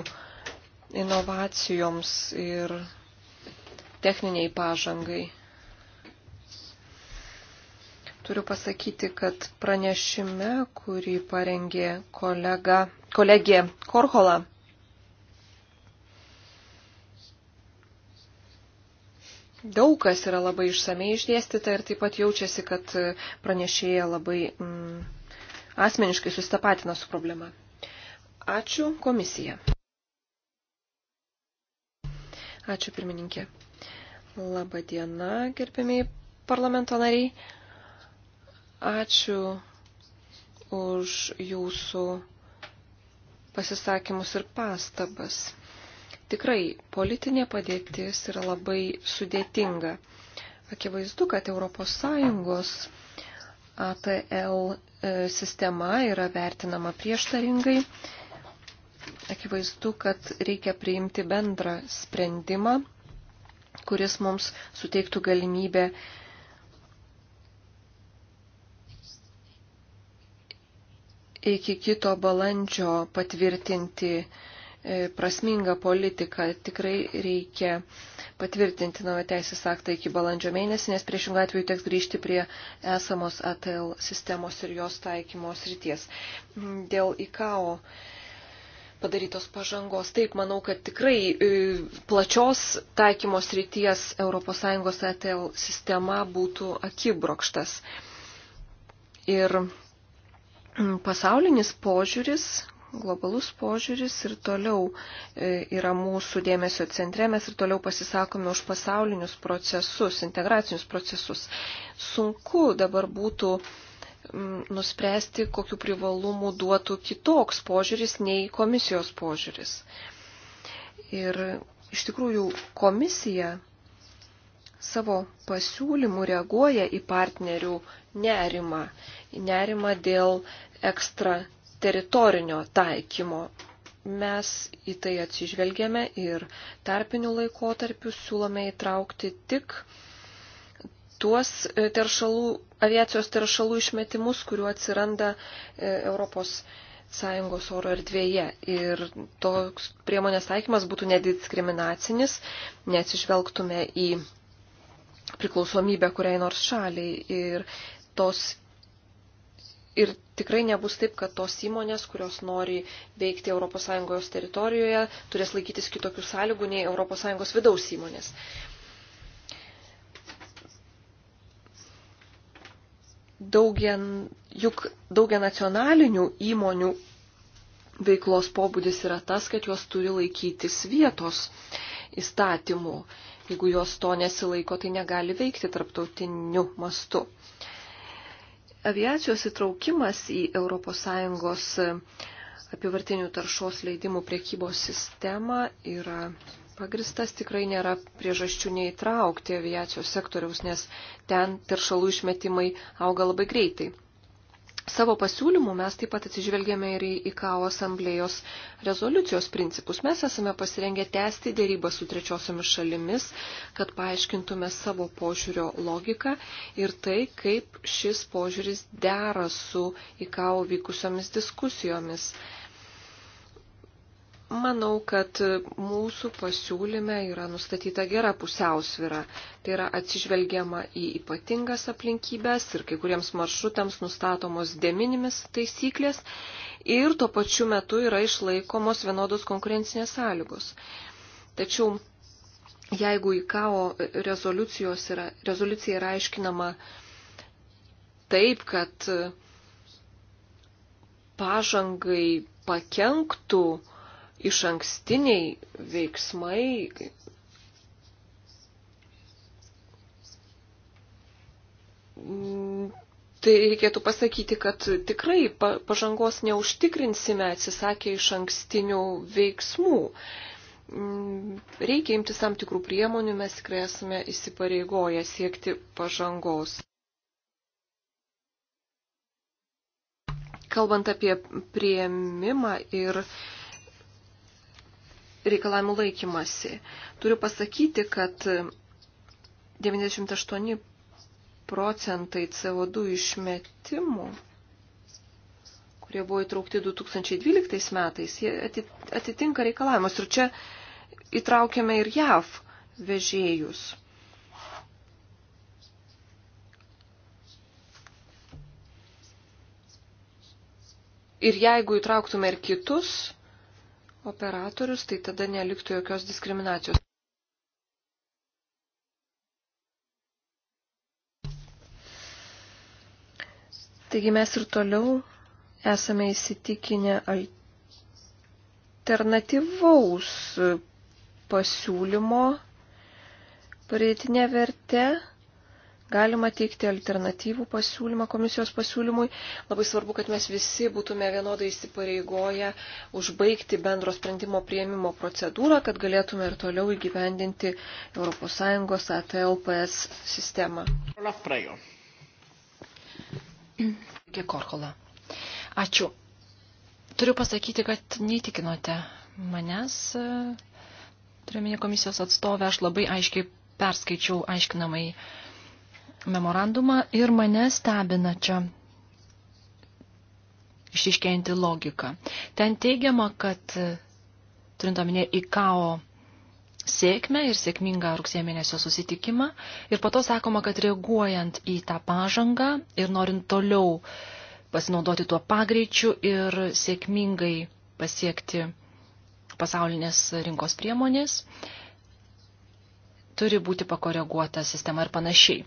inovacijoms ir techniniai pažangai. Turiu pasakyti, kad pranešime, kurį parengė kolega, kolegė Korhola, daug kas yra labai išsamei išdėstyta ir taip pat jaučiasi, kad pranešėja labai mm, asmeniškai sustapatina su problema. Ačiū komisija. Ačiū pirmininkė. Labą dieną, gerbėmiai parlamento nariai. Ačiū už jūsų pasisakymus ir pastabas. Tikrai, politinė padėtis yra labai sudėtinga. Akivaizdu, kad ES ATL e, sistema yra vertinama prieštaringai akivaizdu, kad reikia priimti bendrą sprendimą, kuris mums suteiktų galimybę iki kito balandžio patvirtinti e, prasmingą politiką. Tikrai reikia patvirtinti naują teisės aktą iki balandžio mėnesį, nes priešingų atveju teks grįžti prie esamos ATL sistemos ir jos taikymos ryties. Dėl ICAO padarytos pažangos. Taip, manau, kad tikrai e, plačios taikymos ryties ES ATL e sistema būtų akibrokštas. Ir pasaulinis požiūris, globalus požiūris ir toliau e, yra mūsų dėmesio centre, mes ir toliau pasisakome už pasaulinius procesus, integracinius procesus. Sunku dabar būtų nuspręsti, kokiu privalumu duotų kitoks požiūris nei komisijos požiūris. Ir iš tikrųjų komisija savo pasiūlymų reaguoja į partnerių nerimą, nerimą dėl ekstrateritorinio taikymo. Mes į tai atsižvelgiame ir tarpinių laikotarpių siūlome įtraukti tik tuos e, teršalų, aviacijos teršalų išmetimus, kuriuo atsiranda e, Europos Sąjungos oro erdvėje. Ir toks priemonės taikymas būtų nediskriminacinis, neatsižvelgtume į priklausomybę kuriai nors šaliai. Ir, tos, ir tikrai nebus taip, kad tos įmonės, kurios nori veikti ES teritorijoje, turės laikytis kitokių sąlygų nei ES vidaus įmonės. daugien, juk daugia nacionalinių įmonių veiklos pobūdis yra tas, kad jos turi laikytis vietos įstatymų. Jeigu jos to nesilaiko, tai negali veikti tarptautiniu mastu. Aviacijos įtraukimas į ES apivartinių taršos leidimų priekybos sistemą yra pagristas tikrai nėra priežasčių neįtraukti aviacijos sektoriaus, nes ten teršalų išmetimai auga labai greitai. Savo pasiūlymų mes taip pat atsižvelgėme ir į IKAO asamblėjos rezoliucijos principus. Mes esame pasirengę tęsti dėrybą su trečiosiomis šalimis, kad paaiškintume savo požiūrio logiką ir tai, kaip šis požiūris dera su IKAO vykusiomis diskusijomis. Manau, kad mūsų pasiūlyme yra nustatyta gera pusiausvyra. Tai yra atsižvelgiama į ypatingas aplinkybės ir kai kuriems maršrutams nustatomos dėminimis taisyklės ir tuo pačiu metu yra išlaikomos vienodos konkurencinės sąlygos. Tačiau jeigu į KAO yra, rezoliucija yra aiškinama taip, kad pažangai pakenktų, iš ankstiniai veiksmai. Tai reikėtų pasakyti, kad tikrai pažangos neužtikrinsime atsisakę iš ankstinių veiksmų. Reikia imtis tam tikrų priemonių, mes tikrai esame įsipareigoję siekti pažangos. kalbant apie prieimimą ir reikalavimų laikymasi. Turiu pasakyti, kad 98 procentai CO2 išmetimų, kurie buvo įtraukti 2012 metais, jie atitinka reikalavimus. Ir čia įtraukėme ir JAV vežėjus. Ir jeigu įtrauktume ir kitus operatorius, tai tada neliktų jokios diskriminacijos. Taigi mes ir toliau esame įsitikinę alternatyvaus pasiūlymo pridėtinė vertė Galima teikti alternatyvų pasiūlymą komisijos pasiūlymui. Labai svarbu, kad mes visi būtume vienodai įsipareigoję užbaigti bendro sprendimo prieimimo procedūrą, kad galėtume ir toliau įgyvendinti ES ATLPS sistemą. Ačiū. Turiu pasakyti, kad neįtikinote manęs, turiuomenė komisijos atstovė, aš labai aiškiai perskaičiau aiškinamai memorandumą ir mane stebina čia išiškėjanti logika. Ten teigiama, kad e, turint omenyje IKAO sėkmę ir sėkmingą rugsėjo mėnesio susitikimą ir po to sakoma, kad reaguojant į tą pažangą ir norint toliau pasinaudoti tuo pagreičiu ir sėkmingai pasiekti pasaulinės rinkos priemonės, turi būti pakoreguota sistema ir panašiai.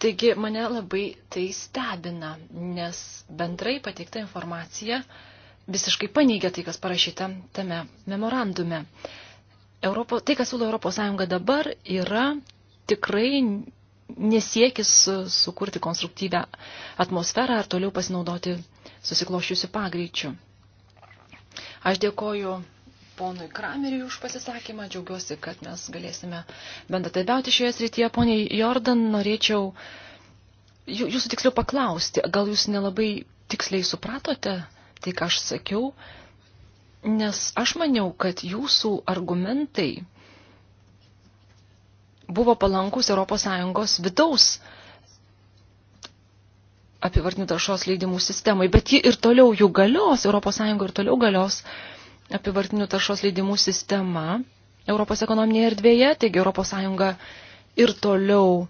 Taigi mane labai tai stebina, nes bendrai pateikta informacija visiškai paneigia tai, kas parašyta tame memorandume. Europo, tai, kas siūlo Europos Sąjunga dabar, yra tikrai nesiekis sukurti konstruktyvę atmosferą ar toliau pasinaudoti susiklošiusių pagreičių. Aš dėkoju ponui Krameriui už pasisakymą. Džiaugiuosi, kad mes galėsime bendratabiauti šioje srityje. Pone Jordan, norėčiau jūsų tiksliau paklausti. Gal jūs nelabai tiksliai supratote tai, ką aš sakiau? Nes aš maniau, kad jūsų argumentai buvo palankus ES vidaus apivartinių taršos leidimų sistemai, bet ji ir toliau jų galios, ES ir toliau galios apivartinių taršos leidimų sistema Europos ekonominėje erdvėje, taigi ES ir toliau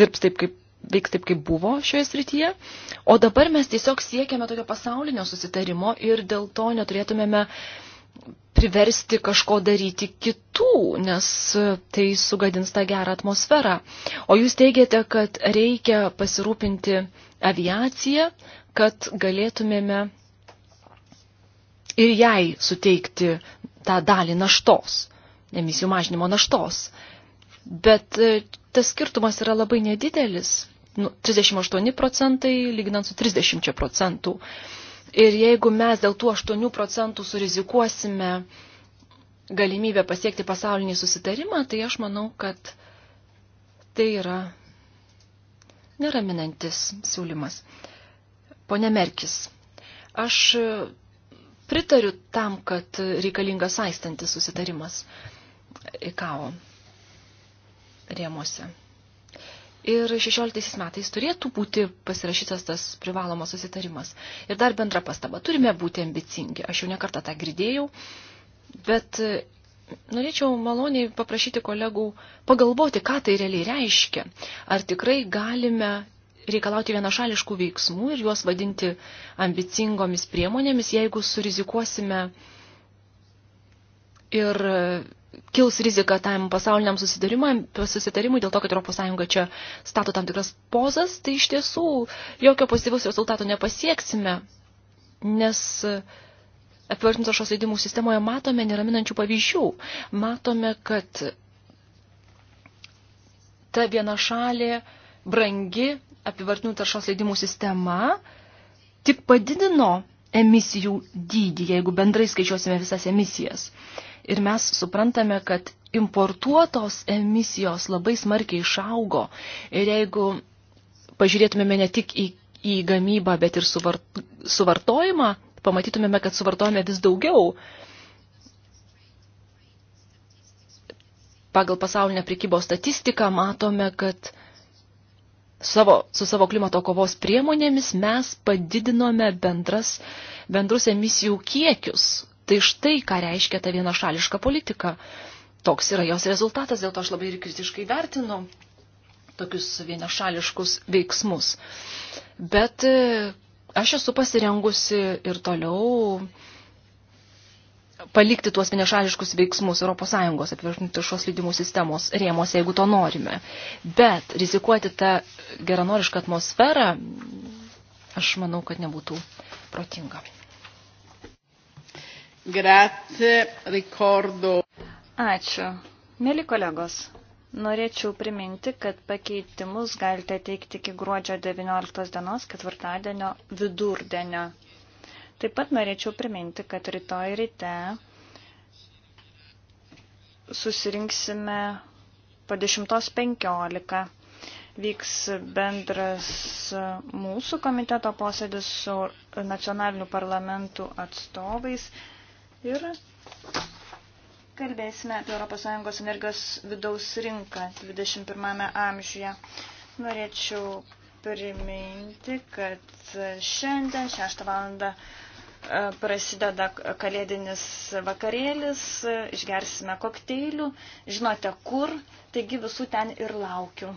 dirbs taip, kaip veiks taip, kaip buvo šioje srityje. O dabar mes tiesiog siekiame tokio pasaulinio susitarimo ir dėl to neturėtumėme priversti kažko daryti kitų, nes tai sugadins tą gerą atmosferą. O jūs teigiate, kad reikia pasirūpinti aviaciją, kad galėtumėme ir jai suteikti tą dalį naštos, emisijų mažinimo naštos. Bet e, tas skirtumas yra labai nedidelis, nu, 38 procentai lyginant su 30 procentų. Ir jeigu mes dėl tų 8 procentų surizikuosime galimybę pasiekti pasaulinį susitarimą, tai aš manau, kad tai yra neraminantis siūlymas. Pone Merkis, aš Pritariu tam, kad reikalingas saistantis susitarimas IKAO rėmose. Ir 16 metais turėtų būti pasirašytas tas privalomas susitarimas. Ir dar bendra pastaba, turime būti ambicingi. Aš jau nekartą tą girdėjau, bet e, norėčiau maloniai paprašyti kolegų pagalvoti, ką tai realiai reiškia. Ar tikrai galime reikalauti vienašališkų veiksmų ir juos vadinti ambicingomis priemonėmis, jeigu surizikuosime ir kils rizika tam pasauliniam susitarimui dėl to, kad ES čia stato tam tikras pozas, tai iš tiesų jokio pozityvaus rezultato nepasieksime, nes apvertintos šios leidimų sistemoje matome neraminančių pavyzdžių. Matome, kad ta viena šalė brangi apivartinių taršos leidimų sistema tik padidino emisijų dydį, jeigu bendrai skaičiuosime visas emisijas. Ir mes suprantame, kad importuotos emisijos labai smarkiai išaugo. Ir jeigu pažiūrėtumėme ne tik į, į gamybą, bet ir suvart, suvartojimą, pamatytumėme, kad suvartojame vis daugiau. Pagal pasaulinę prikybos statistiką matome, kad savo, su savo klimato kovos priemonėmis mes padidinome bendras, bendrus emisijų kiekius. Tai štai, ką reiškia ta vienašališka politika. Toks yra jos rezultatas, dėl to aš labai ir kritiškai vertinu tokius vienašališkus veiksmus. Bet e, aš esu pasirengusi ir toliau palikti tuos nešališkus veiksmus ES apivartinių taršos leidimų sistemos rėmose, jeigu to norime. Bet rizikuoti tą geranorišką atmosferą, aš manau, kad nebūtų protinga. Grazie, ricordo. Ačiū. Mėly kolegos, norėčiau priminti, kad pakeitimus galite teikti iki gruodžio 19 dienos ketvirtadienio vidurdienio. Taip pat norėčiau priminti, kad rytoj ryte susirinksime po 10.15. Vyks bendras mūsų komiteto posėdis su nacionalinių parlamentų atstovais ir kalbėsime apie ES energijos vidaus rinką 21 amžiuje. Norėčiau priminti, kad šiandien 6 valandą E, prasideda kalėdinis vakarėlis, e, išgersime kokteilių, žinote kur, taigi visų ten ir laukiu.